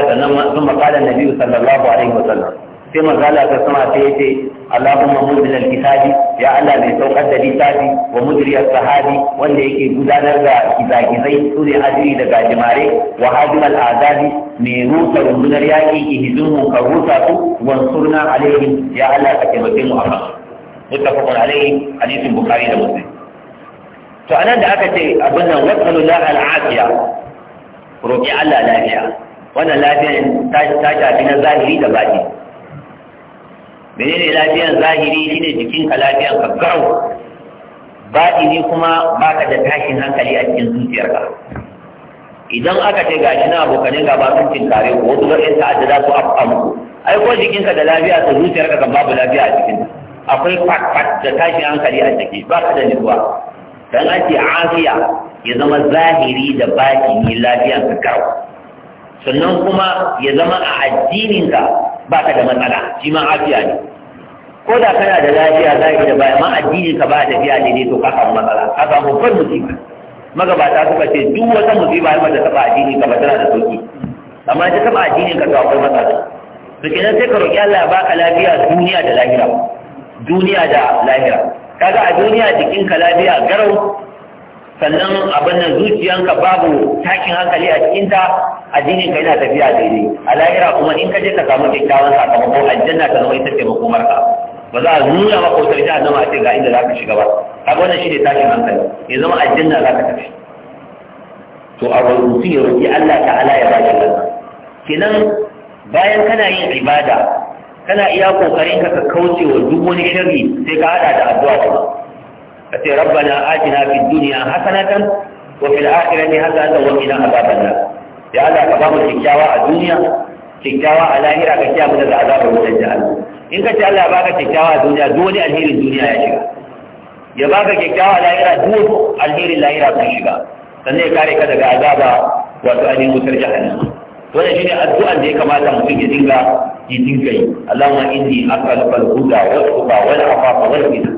ثم قال النبي صلى الله عليه وسلم sai manzala ta sama ta yace Allahumma munzil al-kitabi ya Allah mai saukar da littafi wa mujri as-sahabi wanda yake gudanar da gizagizai su ne ajiri da gajimare wa hadim al-azabi mai rusa rundunar yaƙi ihzunhum ka rusa su wansurna alaihim ya Allah ka taimake mu a kan muttafaqun alaihi hadisin bukhari da muslim to anan da aka ce abin nan wata la al-afiya roki Allah lafiya wannan lafiyan ta shafi na zahiri da baki menene lafiyar zahiri shine jikinka lafiyar ka garau baɗini kuma baka da tashin hankali a cikin zuciyarka idan aka ce gashi na abokanin gaba sun tare ko wasu ɗan ta'adda za su afka muku ai ko jikinka da lafiya ta zuciyarka kan babu lafiya a cikin akwai fat da tashin hankali a ciki ba ka da nutsuwa dan ake afiya ya zama zahiri da baɗini lafiyar ka ga'u. sannan kuma ya zama a addininka ba ka da matsala shi ma afiya ne ko da kana da lafiya za da baya ma addininka ba tafiya ne ne to ka samu matsala ka samu babban musiba magabata suka ce duk wata musiba ba ta taba addini ka ba tana da sauki amma ta taba addinin ka to akwai matsala to kenan sai ka roki Allah ya baka lafiya duniya da lahira duniya da lahira kaga a duniya jikinka lafiya garau sannan abin nan zuciyanka babu takin hankali a cikinta addinin ka yana tafiya daidai a lahira kuma in ka je ka samu kyakkyawan sakamako aljanna ta zama ita ce ka ba za a nuna ba wutar ta a ce ga inda za ka shiga ba kaga wannan ne tashin hankali ya zama aljanna za ka tafi to a rubutu ya roƙi Allah ta'ala ya baki wannan kenan bayan kana yin ibada kana iya kokarin ka ka kauce wa duk wani sharri sai ka hada da addu'a kuma kace rabbana atina fid dunya hasanatan wa fil akhirati hasanatan wa qina adhaban nar ya Allah ka ba mu a duniya kikkiawa a lahira ka kiyaye mu daga azabar wutar jahannam in ka ce Allah ya baka kikkiawa a duniya duk alherin duniya ya shiga ya baka a alherin sun shiga sannan ya kare ka daga azaba wato ainihin wutar jahannam wannan shine addu'an da ya kamata mutum ya dinga yi dinga yi Allahumma inni as'aluka al-huda wa al-tuqa afafa ghina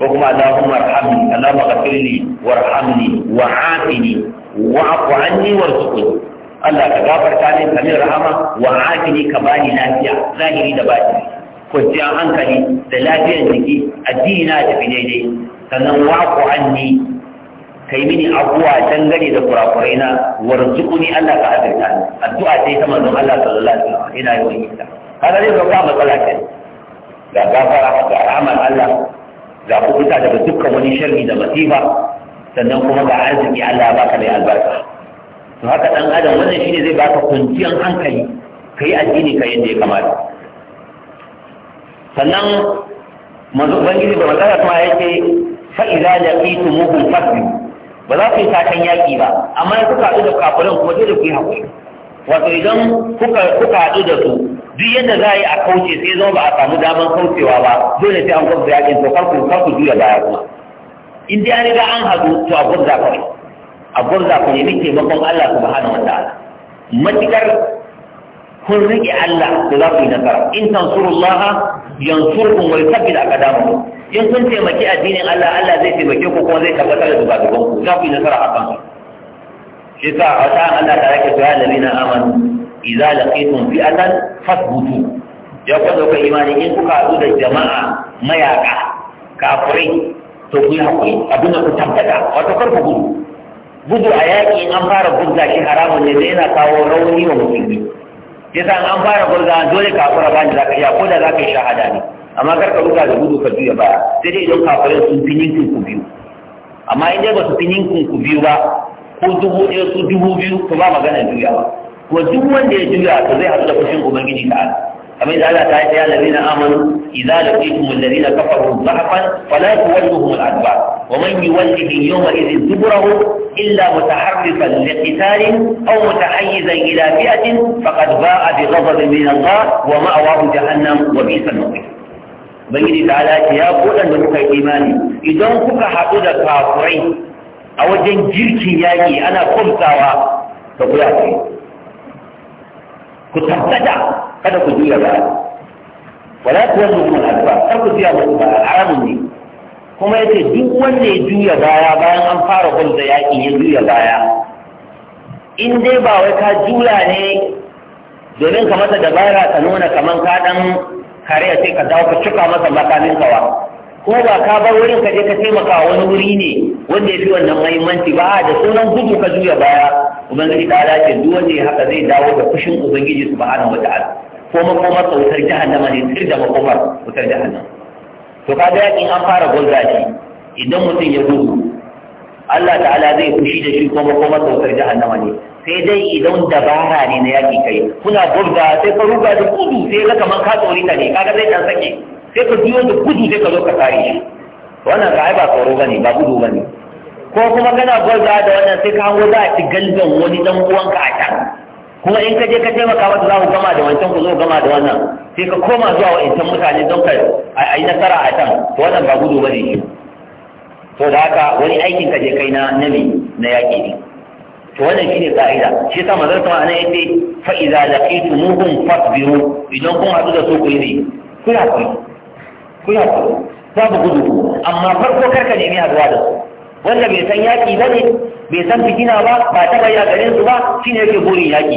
ko kuma Allahumma arhamni Allahumma ghafirli warhamni wa'afini wa'fu anni warzuqni Allah ka gafarta min ka min rahama wa'afini ka bani lafiya zahiri da batini kwanciyar hankali da lafiyar jiki addini na tafi daidai sannan wa'fu anni kai mini abuwa dangane da kurakurai na warzuqni Allah ka azurta ni addu'a sai ta manzon Allah sallallahu alaihi wasallam ina yawan yi ta kaga zai ga matsala ce ga gafara ga rahmar Allah ga fita daga dukkan wani sharri da masifa sannan kuma ga arziki Allah ya baka mai albarka to haka dan adam wannan shine zai baka kwanciyar hankali kai addini kai yadda ya kamata sannan manzo ubangiji ba magana kuma yake fa idza laqitumuhum fasbi ba za ku yi sakan yaki ba amma in kuka haɗu da kafirin kuma dole ku yi haƙuri wato idan kuka haɗu da su duk yadda za a yi a kauce sai zama ba a samu damar kaucewa ba dole sai an gwabza yakin to kar ku kar ku juya baya kuma in dai an riga an hadu to a gwabza kawai a gwabza ku nemi taimakon Allah subhanahu wataala matikar kun riƙe Allah da za ku yi nasara in tansurullaha yansurkum wa yuthabbit aqdamakum in kun taimaki addinin Allah Allah zai taimake ku kuma zai tabbatar da ku. za ku yi nasara a kansu shi sa a wata Allah ta rake su ya lamina amanu idza laqitum fi'atan fasbutu ya ku dauka imani in kuka haɗu da jama'a mayaka kafirai to ku haƙuri abin da ku wato kar ku gudu gudu a yaƙi in an fara gudda shi haramun ne da yana kawo rauni wa musulmi yasa an fara gudda dole kafura ba ni za ka iya ko da za ka yi shahada amma kar ka ruga da gudu ka juya sai dai sun ku biyu amma in dai ba su ku biyu ba ko dubu biyu to ba magana juyawa kuma duk wanda ya juya to zai haɗu da fushin ubangiji ta'ala kamar da Allah ta yi ya ladina amanu idza laqitum alladhina kafaru zahfan fala tuwalluhum al-adbar wa man yuwallihim yawma idhin duburahu illa mutaharrifan liqitalin aw mutahayyizan ila fi'atin faqad ba'a bi ghadabin min Allah wa ma'awahu jahannam wa bi'sa al-maqir bangiji ta alaƙi ya kodan da kuka yi imani idan kuka haɗu da kafurai a wajen girkin yaƙi ana kumtawa ka kula ce ku tabbata kada ku juya baya wala tuwallu min al kar ku juya ba ba haramun ne kuma yace duk wanda ya juya baya bayan an fara hulɗa yaƙi ya juya baya in dai ba wai ka juya ne domin ka masa dabara ka nuna kaman ka dan kare sai ka dawo ka cika masa makamin kawa ko ba ka bar wurin ka je ka taimaka wani wuri ne wanda ya fi wannan mahimmanci ba da sauran gudu ka juya baya ubangiji ta dace duk wanda ya haka zai dawo da fushin ubangiji subhanahu wataala ko makomar sa wutar jahannama ne sai da makomar wutar jahannama to kaga yakin an fara gurza shi idan mutum ya gudu Allah ta'ala zai fushi da shi ko makomar sa wutar jahannama ne sai dai idan dabara ne na yaki kai kuna gurza sai ka ruga da gudu sai ka kamar ka tsorita ne kaga zai dan sake sai ka juyo da gudu sai ka zo ka kare shi wannan ka ba tsoro bane ba gudu bane ko kuma kana gwaza da wannan sai ka hango za a ci galgan wani dan uwanka a can kuma in ka je ka taimaka masa za ku gama da wancan ku zo gama da wannan sai ka koma zuwa wa'incan mutane don ka a yi nasara a can to wannan ba gudu bane shi to da haka wani aikin ka je kai na nami na yaƙi ne to wannan shine ka'ida shi yasa manzon sama anan yace fa idza laqitumuhum fasbiru idan kun haɗu da su ku yi ne ku yi kuna babu gudu amma farko karka nemi haɗuwa da su wanda bai san yaƙi ba ne bai san fitina ba ba taɓa yi a garin su ba shi ne yake burin yaƙi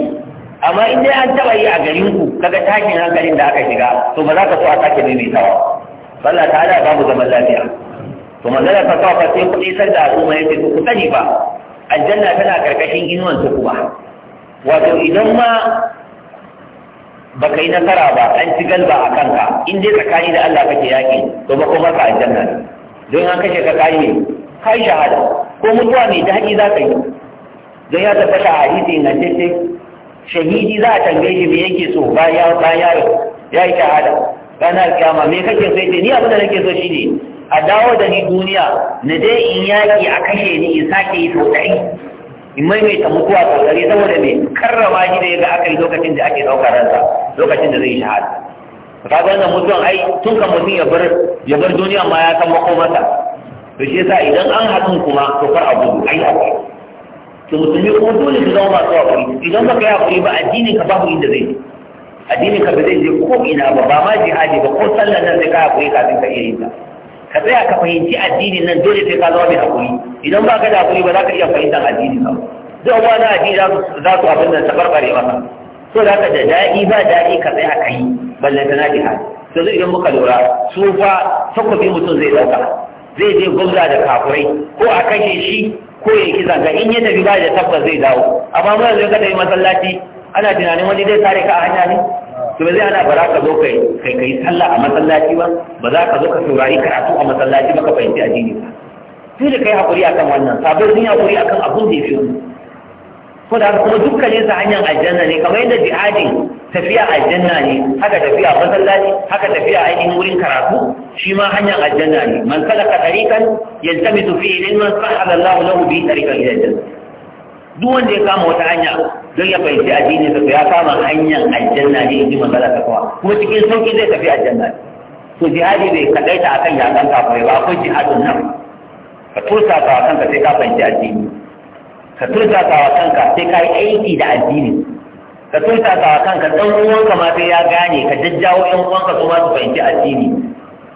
amma in dai an taɓa yi a garin ku kaga tashin hankalin da aka shiga to ba za ka so a sake maimaitawa Allah ta'ala babu zaman lafiya to manzala ta kawo sai kuɗi sar da al'umma ya ku sani ba aljanna tana karkashin inuwan su kuma wato idan ma ba ka yi nasara ba an ci galba a kanka in dai tsakani da Allah kake yaƙi to ba kuma ka aljanna ne don an kashe ka kayi ne kai shahada ko mutuwa mai daɗi za ka yi don ya tabbata a hadisi tete shahidi za a tambaye shi me yake so bayan bayan ya yi shahada ranar kyama me kake so ni abin da nake so shine a dawo da ni duniya na dai in yaƙi a kashe ni in sake yi sosai. in maimaita mutuwa ta gari saboda me karrama shi da yadda aka yi lokacin da ake ɗauka ransa lokacin da zai shahada ka ga wannan mutuwan ai tun kan mutum ya bar ya bar duniya ma ya san mata to shi yasa idan an haɗu kuma to far a gudu ai haƙuri to musulmi kuma dole su zama masu haƙuri idan ka yi haƙuri ba addinin ka babu inda zai addinin ka ba zai je ko ina ba ba ma jihadi ba ko sallan nan sai ka haƙuri kafin ka iya yin ta ka tsaya ka fahimci addinin nan dole sai ka zama mai hakuri idan ba ka da hakuri ba za ka iya fahimtar addini ba na addini za su abin nan tabarbare masa so da ka da daɗi ba daɗi ka tsaya ka yi ballanta na jihar yanzu idan muka lura su fa takobi mutum zai ɗauka zai je gwamza da kafurai ko a kashe shi ko ya kisa, ga in ya tafi ba da tabbas zai dawo amma mun yanzu ka tafi masallaci ana tunanin wani zai tare ka a hanya ne to zai ana ba za ka zo kai kai kai sallah a masallaci ba ba za ka zo ka saurari karatu a masallaci ba ka fahimci addini ba sai da kai hakuri akan wannan sabon sun hakuri akan abun da ya ko da kuma dukkanin sa hanyar aljanna ne kamar yadda jihadi tafiya aljanna ne haka tafiya masallaci haka tafiya ainihin wurin karatu shi ma hanyar aljanna ne man salaka tariqan yaltamisu fihi ilman sahala Allah lahu bi tariqan ila aljanna duk wanda ya kama wata hanya don ya fahimci addini sa ya kama hanyar aljanna ne in ji magana ta kawa kuma cikin sauki zai tafi aljanna ne to jihadi bai kadai ta akan ya kafirai ba akwai jihadin nan ka tursa ka kanka sai ka fahimci addini ka tursa ka kanka sai ka yi aiki da addini ka tursa ka kanka dan uwanka ma sai ya gane ka jajjawo yan uwanka su ma su fahimci addini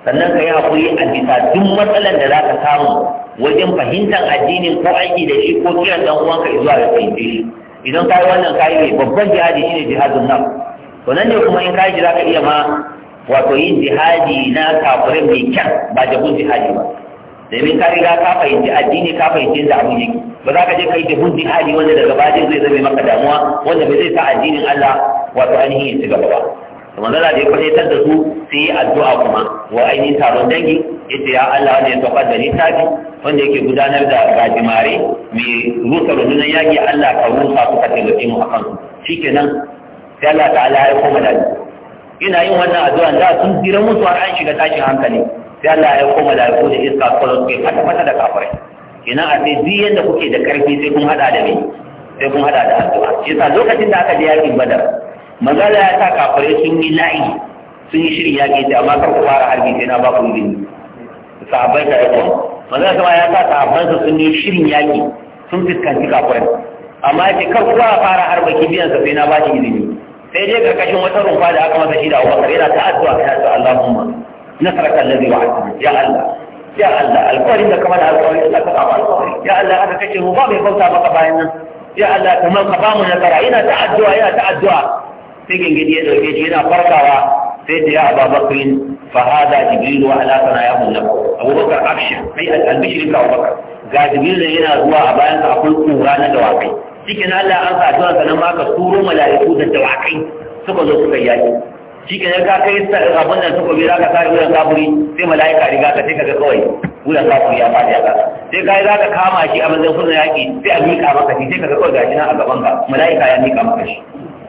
sannan ka yi hakuri a bisa duk matsalar da za ka samu wajen fahimtar addinin ko aiki da shi ko kiran dan uwanka zuwa ga fahimce shi idan kai wannan kai ne babban jihadi shine jihadun nan to nan ne kuma in kai za ka iya ma wato yin jihadi na kafirin mai kyan ba jabun jihadi ba domin ka riga ka fahimci addini ka fahimci da abu yake ba za ka je kai jihun jihadi wanda daga bajin zai zame maka damuwa wanda bai zai sa addinin Allah wato ainihin ya ci gaba ba kuma manzo da ya kwaitar da su sai addu'a kuma wa ainihin taron dangi yadda ya Allah wanda ya saukar da ni tafi wanda yake gudanar da gajimare mai rusa rundunar yaƙi Allah ka rusa ka taimake mu akan su nan sai Allah ala ya koma da ina yin wannan addu'a da sun jira musu har an shiga tashin hankali sai Allah ya koma da ko da iska ko suke fata fata da kafirai ina a sai bi yanda kuke da karfi sai kun hada da ni sai kun hada da addu'a shi yasa lokacin da aka je yaƙin badar magana ya sa kafirai sun yi la'i sun yi shirin yaƙi sai amma kar ku fara harbi sai na ba ku izini sahabbai da yake manzo kuma ya sa sahabban su sun yi shirin yaki sun fuskanci kafirai amma ya ce kar kowa fara harba kibiyan sa sai na ba shi izini sai dai karkashin wata rumfa da aka masa shi da Abubakar yana ta addu'a ta addu'a Allahumma nasraka allazi wa'adta ya Allah ya Allah alƙawarin da kamar alƙawarin da ka samu alƙawari ya Allah aka kace mu ba mai bauta maka bayan nan ya Allah kamar ka ba mu nasara yana ta addu'a yana ta addu'a sai gingidi ya dauke shi yana farkawa sai da ya aba bakirin fahada jibril wa ala sana ya hunna abubakar abshir kai albishir ka abubakar ga jibril yana zuwa a bayan sa akwai kura na dawakai cikin Allah an sa zuwa sanan ma ka turo mala'iku da dawakai suka zo suka yaki cikin ka kai abin da suka bi za ka kare wurin kafuri sai mala'ika riga ka sai ka ga kawai wurin kafuri ya faɗi a kasa. sai kai za ka kama shi a manzan sunan yaƙi sai a miƙa maka shi sai ka ga kawai gashi nan a gaban ka mala'ika ya miƙa maka shi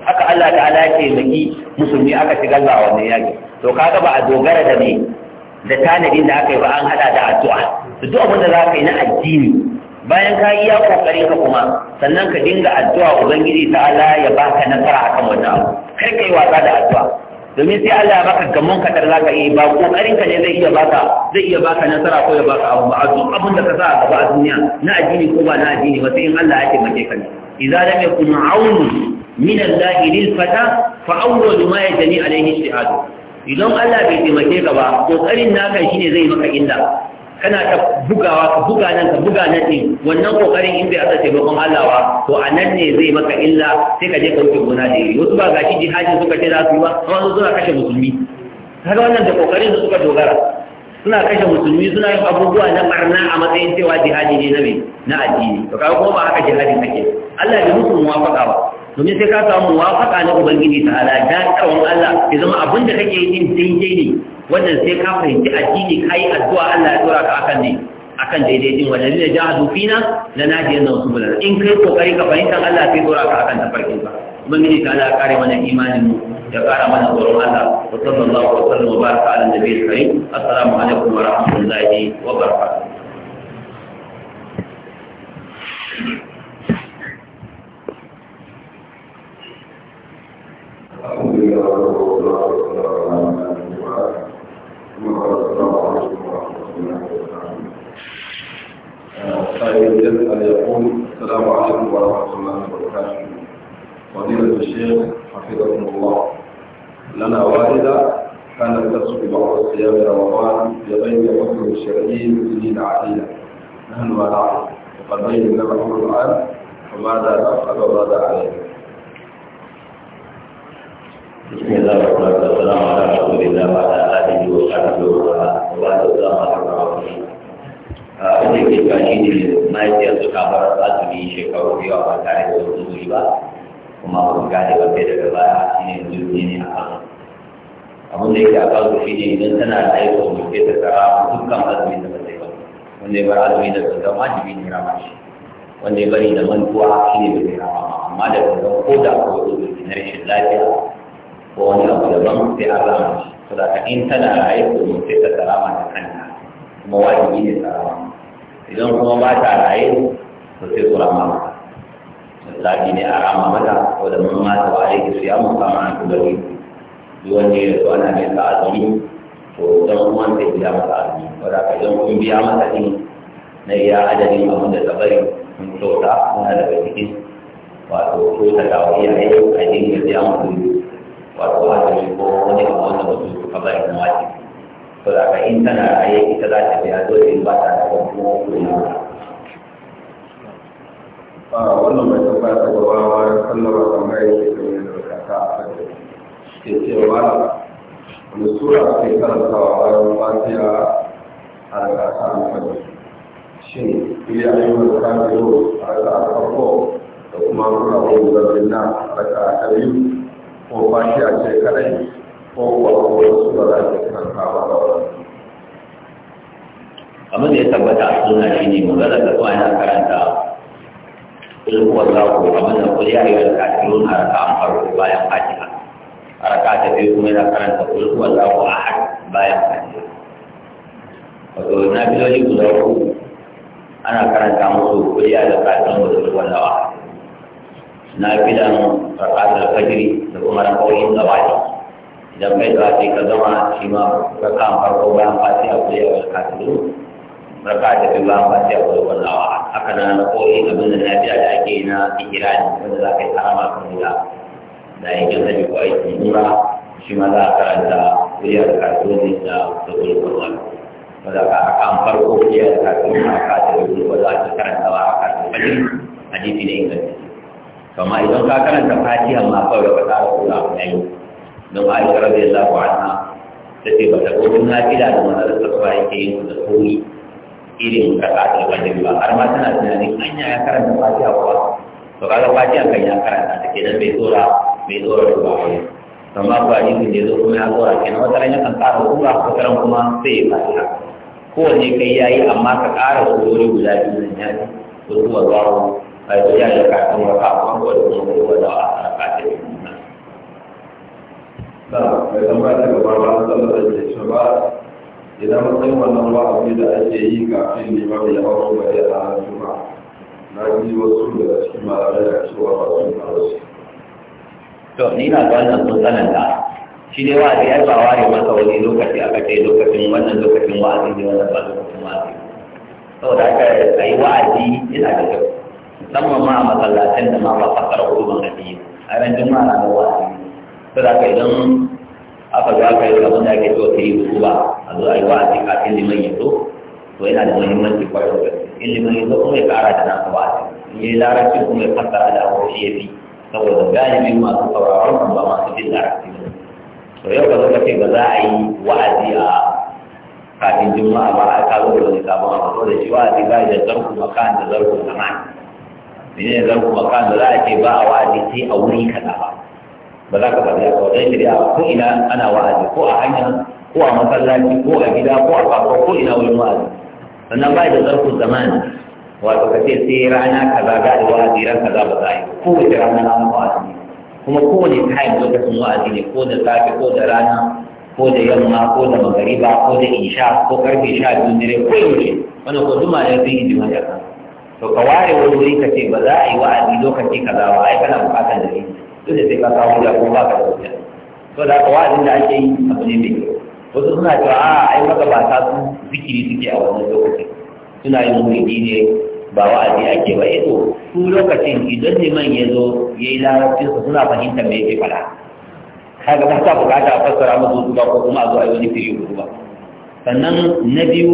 aka Allah ta'ala ya taimaki musulmi aka shiga galba wannan yaki to kaga ba a dogara da me da tanadin da aka yi ba an hada da addu'a duk abin da za ka yi na addini bayan ka yi iya kokarin ka kuma sannan ka dinga addu'a ubangiji ta'ala ya baka nasara akan wannan abu kar kai wasa da addu'a domin sai Allah ya baka gamon kadar za ka yi ba kokarin ka ne zai iya baka zai iya baka nasara ko ya baka abu ba a duk abin da ka sa a gaba a duniya na addini ko ba na addini ba sai in Allah ya taimake ka ne idza lam yakun aunun min Allah lil fata fa ma yajni idan Allah bai taimake ka ba kokarin naka shine zai maka illa kana ta bugawa ka buga nan ka buga nan din wannan kokarin in bai aka taimakon Allah ba to a nan ne zai maka illa sai ka je ka wuce gona da iri wasu ba ji jihadin suka ce za su yi ba amma su suna kashe musulmi kaga wannan da kokarin su suka dogara suna kashe musulmi suna yin abubuwa na barna a matsayin cewa jihadi ne na addini to kai kuma ba haka jihadi kake Allah bai musu muwafaka ba domin sai ka samu muwafaka na ubangiji ta ala da kawon Allah ya zama abin da kake yi daidai ne wannan sai ka fahimci addini kai addu'a Allah ya tura ka akan ne akan daidai din wannan ne jahadu fina la nadiyan na usul in kai kokari ka fahimta Allah sai tura ka akan tafarkin ba ubangiji ta ala kare mana imanin mu ya kara mana tsoron Allah wa sallallahu wa sallam wa baraka ala nabiyil karim assalamu alaikum wa rahmatullahi wa barakatuh السلام عليكم ورحمة الله وبركاته فضيلة الشيخ حفظكم الله لنا والدة كانت تسقي بعض صيام رمضان بغير حكم الشرعي لسنين عديدة نحن ما نعرف وقد بين لنا الآن فماذا نفعل وماذا عليه بسم الله الرحمن الرحيم السلام على رسول الله وعلى آله وصحبه وسلم وبعد السلام عليكم ورحمة الله wanda ke gashi ne mahaifiyar su kamar azumi shekaru da yawa ba tare da wani zuri kuma ba gane ba daga baya shi ne jirgi ne a kan abin da yake a kan shi ne idan tana da aiki wanda ke ta tsara dukkan azumi da ba zai ba wanda ya bar azumi da gangan wajibi ne rama shi wanda ya bari da mantuwa shi ne ba zai rama amma da gangan ko da ko wani zubi na rashin lafiya ko wani abu daban sai an rama shi saboda ka in tana da aiki wanda ke ta tsara ma da kanta kuma wajibi ne tsara idan kuma ba ta raye to sai su rama sati ne a rama mata wadda mun mata wa aiki su kama an tulawi duk wanda ya zo ana mai azumi to dan uwan ta biya masa azumi wadda ka idan kun biya masa din na iya adadin abin da tabari mun kyauta muna daga cikin wato ko ta dawo iyaye a dinga biya mutum wato azumi ko wani abu wanda mutum ka bari na wajibi to da ka in tana raye ita za ta biya dole in ba ta da kuma kuma a ah, wannan mai tambaya ta gaba wa sallama tambaya ke da wani rikata a kan ke cewa wani sura ke karanta wa bayan fatiha a rikata a kan shin ya yi wani kafiro a rikata farko da kuma sura wani zarbin na rikata a biyu ko fatiha ce kadai ko kuwa ko wasu ba za ke karantawa ba kamar da ya tabbata a suna shi ne magana da kuma yana karanta kul huwa Allahu abin da kul ya ayyuhal kafirun a raka'an farko bayan Fatiha a raka'a ta biyu kuma yana karanta kul huwa Allahu ahad bayan Fatiha wato na biloli guda uku ana karanta musu kul ya ayyuhal kafirun da kul huwa Allahu ahad na bilan raka'atul fajr da kuma raka'o'in zawati idan kai da ka zama shi ma raka'an farko bayan Fatiha kul ya ayyuhal kafirun barka da fi ba a sai a wani wallawa haka na ko koyi abin da na fiya da ake na ikirani wanda za ka yi harama kan wula da yake sani ko aiki nura shi ma za a karanta wuya da kartoni da da wani wallawa wanda ka haka an farko wuya da kartoni a kasa da wani wallawa ta karanta ba a kasa da wani jifi na inganta kama idan ka karanta fatiha ma kawai ka da kula a yau. don aisha radiyallahu anha ta ce ba ta na fi da da sallallahu alaihi wasallam yake yin da sauri irin karatu wajen ba har ma tana tunanin hanya ya karanta fatiha kuwa to kaga fatiha kan ya karanta ta kenan bai tsora bai tsora da ba wani amma ba ni kun ne zo kuma ya tsora kenan wata ran yakan tsara kuma wata ran kuma sai ya fatiha kowanne kai yayi amma ka ƙara surori guda biyu nan ya ce ko kuma zuwa a yi ya da kafin wa ko kuma idan matsayin wannan ba abu da ake yi kafin ne mafi yawan ba ya ranar juma na ji wasu daga cikin malamai da cewa ba su na wasu. to ni na ga wannan sun tsananta shi ne wa'azi ai ba ware masa wani lokaci aka ce lokacin wannan lokacin wa'azi ne wannan ba lokacin wa'azi saboda haka a yi wa'azi yana da kyau musamman ma a masallacin da ma ba fakar hudu ban biyu. a ran juma'a na wa'azi saboda haka idan aka zo aka yi abin da ake so ta yi ba a zo a yi wa'azi kafin liman yi to to yana da muhimmanci kwarai da gaske in liman ya to kuma ya kara da nasa ba in yi larabci kuma ya fassara da abu shi ya fi saboda galibin masu sauraron kuma ba masu jin larabci ba to yau ka zo ka ce ba za a yi wa'azi a kafin juma'a ba a ka zo da wani sabon abu da shi wa'azi ba da zarku makan da zarku zaman ne zarku makan da za a ce ba a wa'azi sai a wuri kaza ba ba za ka bari a wajen shari'a ko ina ana wa'azi ko a hanya ko a masallaci ko a gida ko a kafa ko ina wani wa'azi sannan ba da zarfin zamani wato ka ce sai rana kaza za a yi wa'azi ran kaza ba za a yi kowace rana na wa'azi kuma kowane kayan lokacin wa'azi ne ko da safe ko da rana ko da yamma ko da magariba ko da isha ko karfe sha biyu dare ko yaushe wani ko duma ne sun yi jima'i to ka ware wani wuri ka ce ba za a yi wa'azi lokaci kaza ba ai kana bukatar da ni da sai ka kawo hujja kuma ba ka da hujja to da ka wa'azin da ake yi abu ne mai wasu suna cewa a ai ta su zikiri suke a wannan lokacin suna yin wuri ne ba wa'azi ake ba yato eh su lokacin idan liman ya zo ya yi larabcin su suna fahimtar me yake faɗa kaga ba ta bukata a fassara masu ba ko kuma a zo a yi wani firiyo ba sannan na biyu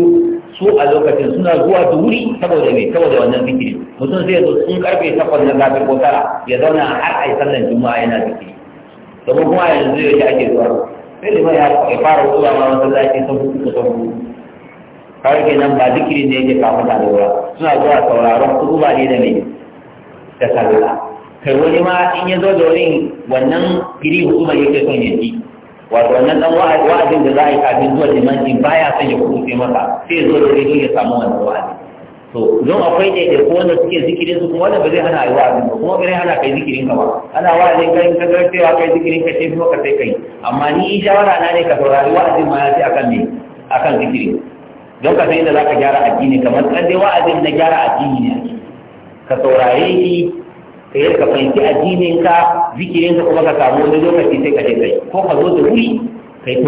su a lokacin suna zuwa da wuri saboda mai saboda wannan zikiri mutum zai zo sun karfe takwas na zafi ko tara ya zauna har a yi sallan juma'a yana zikiri domin kuma yanzu ya ji ake zuwa sai da mai ya fara zuwa ma masallaci sun fi kusa sun hutu kawai nan ba zikiri ne yake kama da ba suna zuwa sauraron ba ne da mai da sallah kai wani ma in ya zo da wani wannan giri hukumar yake son ya ji wato wannan dan wa'azin da za a yi kafin zuwa limanci baya son ya kuɗe masa sai zo da rikin ya samu wannan wa'azi to don akwai ne da ko wanda suke zikirin su kuma wanda ba zai hana a yi wa'azin ba kuma kare hana kai zikirin ka ba ana wa'azin kai ka ga cewa kai zikirin ka ce kuma ka sai kai amma ni shawara na ne ka saurari wa'azin ma ya ce akan me akan zikiri don ka san yadda za ka gyara addini kamar kan dai wa'azin na gyara addini ne ka saurare shi ka yi ka fahimci addininka zikirin ka kuma ka samu wani lokaci sai ka je kai ko ka zo da wuri ka yi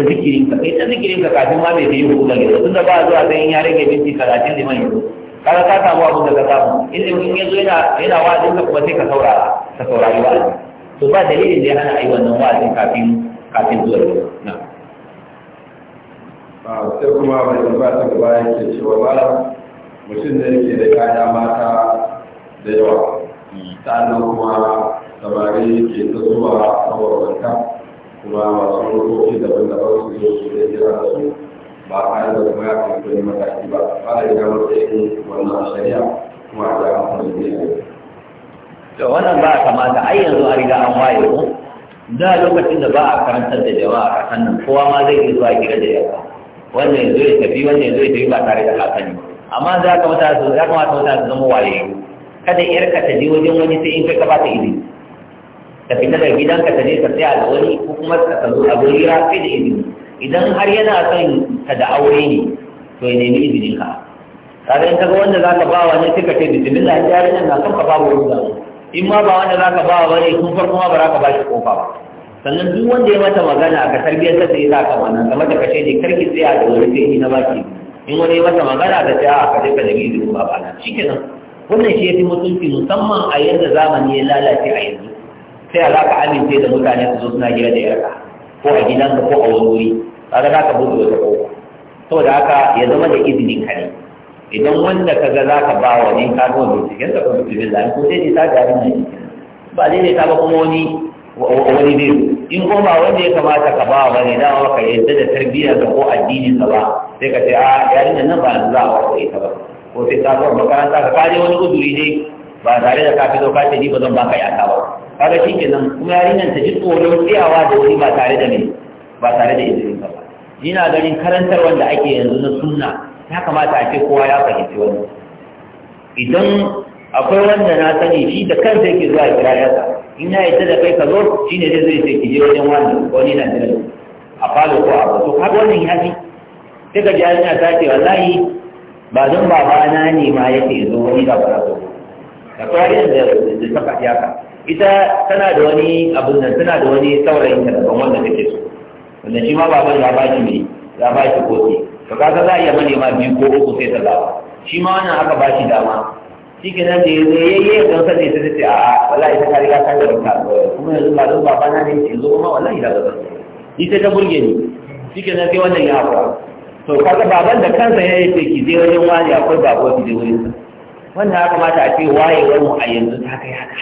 ta zikirin ka kai ta zikirin ka kafin ma bai yi hukuma ne tun da ba zuwa sai ya rage minti talatin da man yanzu kaga ka samu abin da ka samu in in ya zo yana yana wa'azin ka kuma sai ka saurara ka saurari wa'azi to ba dalilin da ya hana ayi wannan wa'azin kafin kafin zuwa na ah, sai kuma mai ba ta gaba yake cewa ba mutum da yake da kaya mata da yawa sannan kuma samari ke ta zuwa mawarwanta kuma masu rukoki daban-daban su zo su zai jira da su ba a yi da kuma ya kai wani mataki ba ba da ya matsayin wannan shari'a kuma a da amfani da ya to wannan ba a kamata ai yanzu a riga an waye ko da lokacin da ba a karantar da jama'a a kasan nan kowa ma zai iya zuwa gida da yawa wannan yanzu ya tafi wannan yanzu ya tafi ba tare da hasani amma za ka mata su ya kamata mata su zama waye kada yarka ta je wajen wani sai in kai ka ba ta izini ka fita gidan ka ta je ka tsaya da wani ko kuma ka a abu hira sai da izini idan har yana son ka da aure ne to ya nemi izinin ka kaga in ka ga wanda zaka ba wa ne ce da ce bismillah ya yarin na kan ka babu ruwa in ma ba wanda zaka ba wa ne kun farko ma ba za ka ba shi kofa ba sannan duk wanda ya mata magana ka tarbiyyar ta sai za ka nan, kamar da ce ne karki tsaya da wani sai na baki in wani ya mata magana ka ce a ka je ka nemi izinin ba ba na shikenan wannan shi ya fi mutunci musamman a yadda zamani ya lalace a yanzu sai a za ka amince da mutane su zo suna gida da yarka ko a gidanka ko a wani wuri ba za ka buɗe wata ƙofa saboda haka ya zama da izinin ka ne idan wanda ka ga za ka ba wa ne ka zo binciken ka kuma binciken zai ko sai ne ta ga abin nan ba dai ne ta ba kuma wani wani biyu in ko ba wanda ya kamata ka ba wa ne dama ka yadda da tarbiyyar ka ko addinin ka ba sai ka ce a yarinyar nan ba na za a ba ita ba ko sai ta zo makaranta ka kare wani uzuri ne ba tare da ka fito ka ce ni ba zan ba ka yaka ba kaga shi kenan kuma yarinyar ta ji tsoron tsayawa da wuri ba tare da ne ba tare da izinin ba ni na ganin karantar wanda ake yanzu na sunna ya kamata a ce kowa ya fahimci wani. idan akwai wanda na sani shi da kansa yake zuwa kira yasa in ya yadda da kai ka zo shi ne zai zai ce ki je wajen wani wani na jirgin a falo ko a wasu Har wannan ya fi sai ka ji ta ce wallahi ba don babana ne ma yake zo wani da ba za da kwariyan da ta faɗi haka ita tana da wani abin nan tana da wani saurayin ta daban wanda take so wanda shi ma baban ya ba ne ya ba ko kofi to ga za a iya manema biyu ko uku sai ta zaba shi ma wannan aka baki dama shi ke nan da ya zai ya yi don sani ta ce a wala ita ka riga ka da kuma yanzu ba don baba na ne zo kuma wala ita ga zan sai ta burge ni shi ke nan sai wannan ya haƙura to kaga baban da kansa ya yi ce ki je wajen wani akwai babo ki je wurin sa wannan ya kamata a ce wayewar mu a yanzu ta kai haka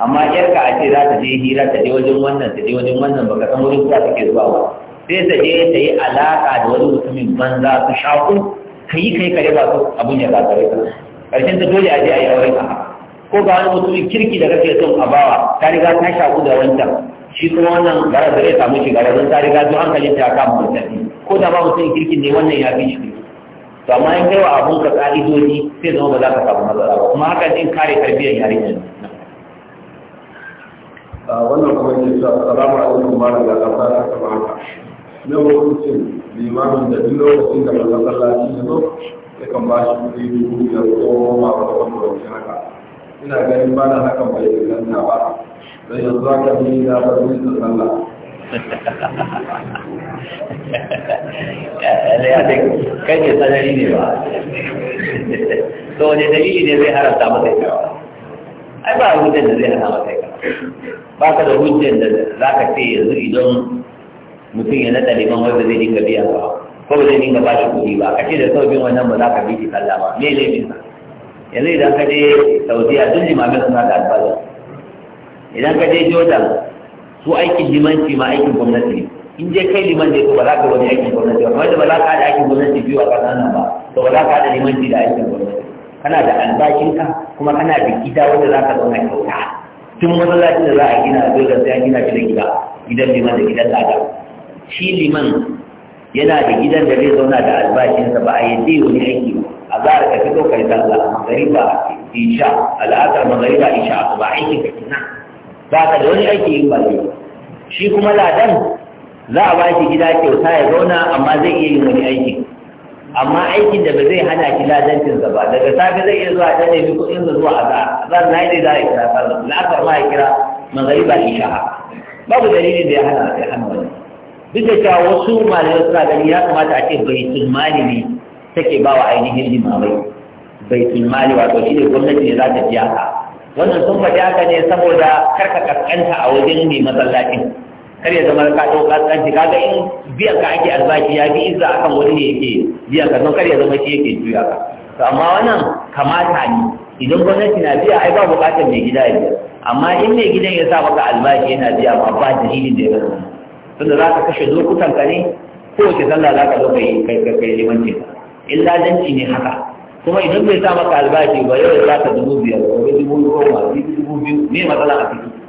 amma yarka a ce za ta je hira ta je wajen wannan ta je wajen wannan baka san wurin kuwa take zuwa ba sai ta je ta yi alaka da wani mutumin banza su shaku ka yi kai kare ba su abun ya gagare ka karshen ta dole a je a yi auren ka ko ga wani mutumin kirki da kake son a bawa ta riga ta shaku da wancan shi kuma wannan gara da zai samu shiga wajen ta riga zuwa hankalin ta kama mutane ko da ba mutum kirkin ne wannan ya fi shi to amma in kai wa abun ka ka'idoji sai zama ba za ka samu matsala ba kuma haka din kare tarbiyyar yarinya ne wannan kuma ne sa salamu alaikum ba da gafa ta kama haka na lokacin limamin da duk lokacin da masallaci da zo ya kan ba shi kuɗi dubu biyar ko ma ba da wani lokaci haka ina ganin ba na hakan bai inganta ba don yanzu haka ni na ba da sallah alhadin kai ne sanari ne ba to wani dalili ne zai haramta masa yawa ai ba wuce da zai harata masa yawa ba ka da wuce da za ka ce yanzu idan mutum ya naɗa liman wanda zai dinga biya ba ko ba zai dinga ba shi kuɗi ba ka ce da sau wannan ba za ka bi shi kalla ba me ne sa yanzu idan ka je saudiya ma limamin suna da albasa idan ka je jordan su aikin limanci ma aikin gwamnati ne in je kai liman ne to ba za ka wani aikin gwamnati ba wanda ba za ka haɗa aikin gwamnati biyu a ƙasar nan ba to ba za ka haɗa limanci da aikin gwamnati kana da albashinka kuma kana da gida wanda za ka zauna kyauta tun masallacin da za a gina dole sai an gina shi da gida gidan liman da gidan lada. shi liman yana da gidan da zai zauna da albashinsa ba a yi yadda wani aiki ba a za a tafi ɗaukar kai sallah magariba isha al'adar magariba isha a ba aiki ka kina ba ka da wani aiki in ba ne shi kuma ladan za a bashi gida kyauta ya zauna amma zai iya yin wani aiki amma aikin da ba zai hana shi ladancinsa ba daga safe zai iya zuwa ta ne kuɗin da zuwa a azar na yi za a kira na aka ma ya kira shi shaha babu dalilin da ya hana ya hana wani duk da cewa wasu malamai suna gani ya kamata a ce bai mali ne take ba wa ainihin limamai bai mali wato shi ne gwamnati ne za ta biya ka wannan sun faɗi haka ne saboda karka kaskanta a wajen mai masallacin kar ya zama ka ɗau ƙasƙanci kaga in biyan ka ake albashi ya fi izza akan wani ne yake biyan ka don kar ya zama shi yake juya ka to amma wannan kamata ne idan gwamnati na biya ai ba buƙatar mai gida ya biya amma in mai gidan ya sa maka albashi yana biya ma ba dalilin da ya zama tunda za ka kashe lokutan ka ne ko wace sallah za ka zo kai kai kai limanci in danci ne haka kuma idan bai sa maka albashi ba yau ya sa ka dubu biyar ko dubu goma dubu biyu ne matsala a ciki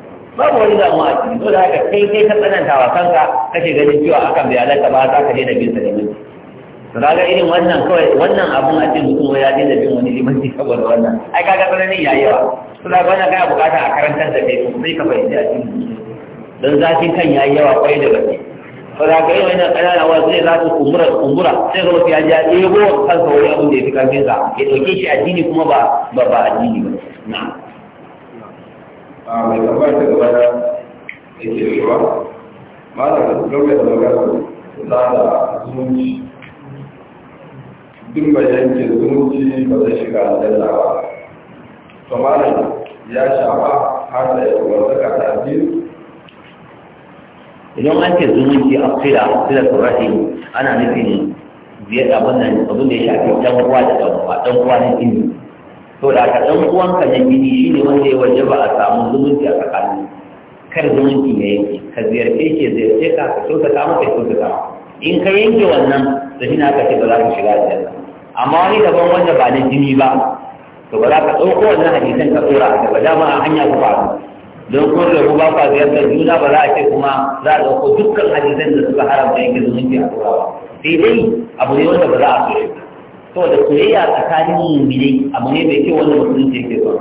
babu wani damuwa a ciki dole haka kai kai ka tsananta wa kanka kake ganin cewa akan bai halatta ba za ka daina bin sa da mutum to ga irin wannan kawai wannan abun a cikin mutum ya daina bin wani limanci saboda wannan ai kaga tsananin yayi yawa to da wannan kai bukata a karantar da kai sai ka fahimci a cikin dan zafin kan yayi yawa kwarai da gaske to da kai wannan kanana wa sai za su kumbura kumbura sai ga ya ja ego kansa wani abun da ya fi karfin sa ya dauke shi addini kuma ba ba addini ba na'am a mai tambaya ta gaba da ke cewa malam da gauya da magana za da zumunci duk mai yanke zumunci ba zai shiga aljanna ba to malam ya shafa har da yawon zaka ta addini idan an ce zumunci a fila a fila turashi ana nufin biyar abin da ya shafi ɗan uwa da dan uwa dan uwa to da ka ɗan uwanka na gini shi ne wanda ya waje ba a samu zumunci a tsakanin kar zumunci ya yanke ka ziyarce ke ziyarce ka ka kyautata masa kyautata in ka yanke wannan to shi na ka ce ba za ka shiga aljanna amma wani daban wanda ba na jini ba to ba za ka ɗauko wannan hadisan ka tsora a gaba dama a hanya ku faru don da ku ba kwa ziyartar juna ba za a ce kuma za a ɗauko dukkan hadisan da suka haramta yanke zumunci a tsora ba sai dai abu ne wanda ba za a so shi ba to da soyayya tsakanin mu'minai abu ne mai kyau wanda musulunci yake so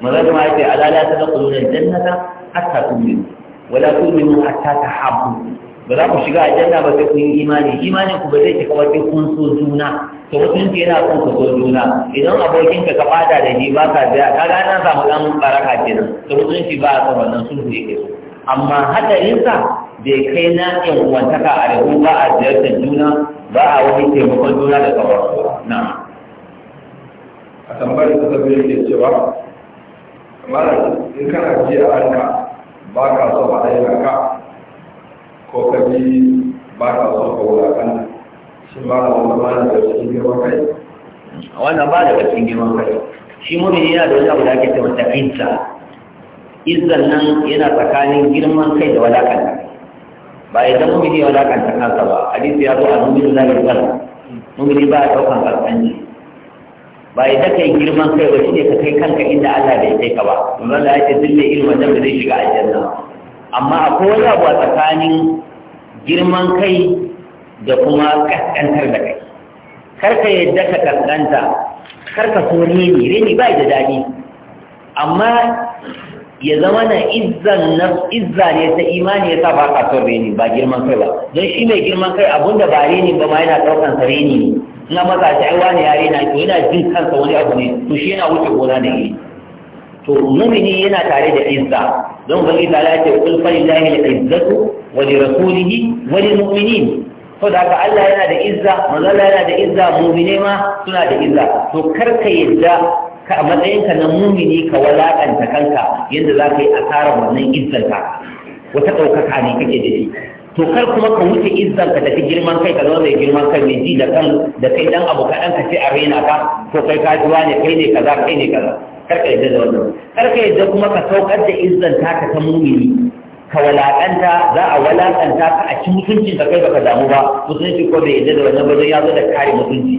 maza kuma ma ce alala ta da kullun jannata hatta tu'minu wala tu'minu hatta tahabbu ba za ku shiga aljanna ba sai kun yi imani imanin ku ba zai cika wajen kun so juna to musulunci yana son ku so juna idan abokin ka fada da ni ba ka biya ka ga na samu dan baraka kenan to musulunci ba a son wannan sulhu yake so amma hadarinsa bai kai na yan uwantaka a rabu ba a ziyartar juna ba a wani taimakon juna da kawai na a tambayar ta tabi yake cewa kamar in kana ji a ranka ba ka so a ɗaya ka ko ka ji ba ka so ka wulakan shi ba ka wani ba da cikin girman kai wannan ba da cikin girman kai shi mumini yana da wani abu da ake ce masa izza izzan nan yana tsakanin girman kai da wadakanta ba ya zama mumini ya wadakanta kansa ba hadisi ya zo a nuni da zai mumini ba a ɗaukan ƙasƙanci ba ya ta kai girman kai ba shine ka kai kanka inda Allah bai kai ka ba domin Allah ya ce dille wannan da zai shiga aljanna amma akwai wani abu a tsakanin girman kai da kuma ƙasƙantar da kai kar ka yadda ka ƙasƙanta kar ka so reni reni ba da daɗi amma ya zama na izza ne ta imani ya sa ba ka son reni ba girman kai ba don shi mai girman kai abinda ba reni ba ma yana ɗaukan sa reni ne na maza ta aiwa ne yare na. to yana jin kansa wani abu ne to shi yana wuce gona da iri to mumini yana tare da izza don ba ta ala ce kul fa lillahi al-izzatu wa li rasulihi wa lil mu'minin to da haka Allah yana da izza manzo yana da izza mu'mine ma suna da izza to kar ka yadda ka a matsayinka na mumini ka walakanta kanka yadda za ka yi asarar wannan izzanka wata ɗaukaka ne kake da shi to kar kuma ka wuce izzanka ka tafi girman kai ka zama mai girman kai mai ji da kan da kai dan abu kaɗan ka ce a raina ka to kai ka juwa ne kai ne kaza kai ne kaza kar ka yadda da wannan kar ka yadda kuma ka saukar da izzan ka ta mumini ka walaƙanta za a walaƙanta ka a ci mutuncin ka kai baka damu ba mutunci ko bai yadda da wannan ba zai ya zo da kare mutunci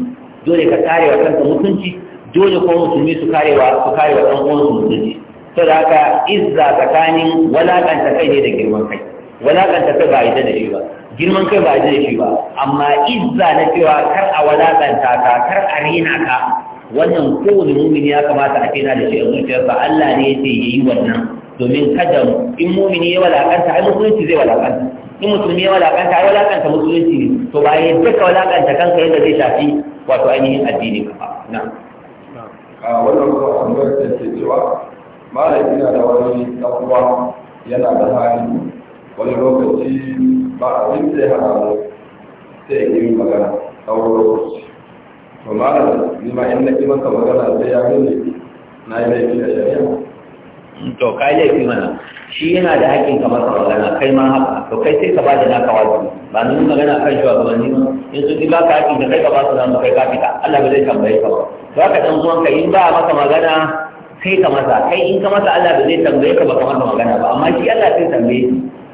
dole ka kare wa kanka mutunci dole ko musulmi su karewa su karewa ɗan uwan su musulmi to da haka izza tsakanin walakanta kai ne da girman kai walakanta kai ba ita da shi ba girman kai ba ita da shi ba amma izza na cewa kar a walakanta ka kar a rena ka wannan kowane mumini ya kamata a kena da shi a zuciyarsa Allah ne ya ce yayi wannan domin kada in mumini ya walakanta ai musulunci zai walakanta in musulmi ya walakanta ai walakanta musulunci to ba ya duka walakanta kanka yadda zai shafi wato ainihin addini ka ba na'am a wannan kuma tambayar ta ke cewa malam ina da wani ɗan yana da hali wani lokaci ba abin da ya hana sai yi magana tsawon lokaci to malam ni ma in na maka magana sai ya gane na yi laifi da shari'a to kai laifi mana shi yana da haƙƙin kamar masa magana kai ma haka to kai sai ka bada naka wajibi ba ni magana kan shugabanni ba in su ba ka haƙƙin da kai ka ba su nan kai ka fita Allah ba zai tambaye ka ba to haka dan zuwan ka in ba maka magana kai ka masa kai in ka masa Allah ba zai tambaye ka ba ka masa magana ba amma shi Allah sai tambaye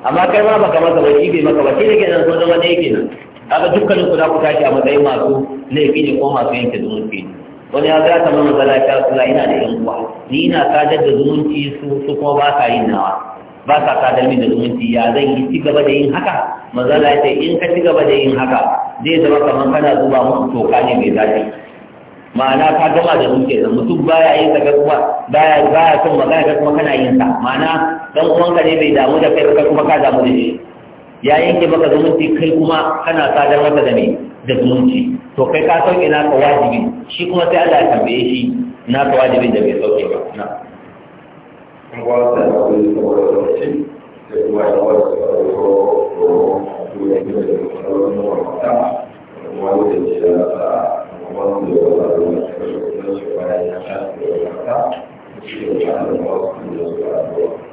amma kai ma baka masa ba shi bai maka ba shi ne kenan sun zama ne kenan kaga dukkanin ku za ku tashi a matsayin masu laifi ne ko masu yanke zumunci ne wani ya gata mana zala ta sula ina da yan uwa ni ina sadar da zumunci su su kuma ba sa yin nawa ba sa sadar min da zumunci ya zan yi ci gaba da yin haka mazala ta in ka ci gaba da yin haka zai zama kamar kana zuba musu toka ne mai zafi ma'ana ka gama da ke da mutum baya yin ta kuma baya baya son magana ka kuma kana yin ta. ma'ana dan uwanka ne bai damu da kai ka kuma ka damu da shi ya yanke maka zumunci kai kuma kana sadar masa da da zumunci to kai ka sauke na ka wajibi shi kuma sai Allah ya tambaye shi na ka wajibin da bai sauke ba na Thank you.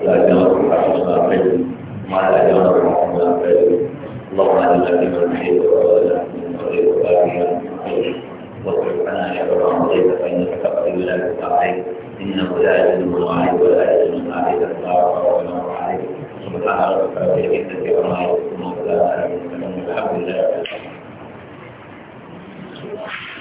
لا جنر الحسنى خير وعلى جنر الحسنى خير اللهم اجعلنا فيمن حيث ولا من خير وآمنا من خير واصرف عنا شر ما فانك تقضي ولا تستعين انه لا يجوز الوعي ولا يجوز الاعي تسعى ولا عليك سبحان ربك رب العزه عما يصفون وسلام على المرسلين والحمد لله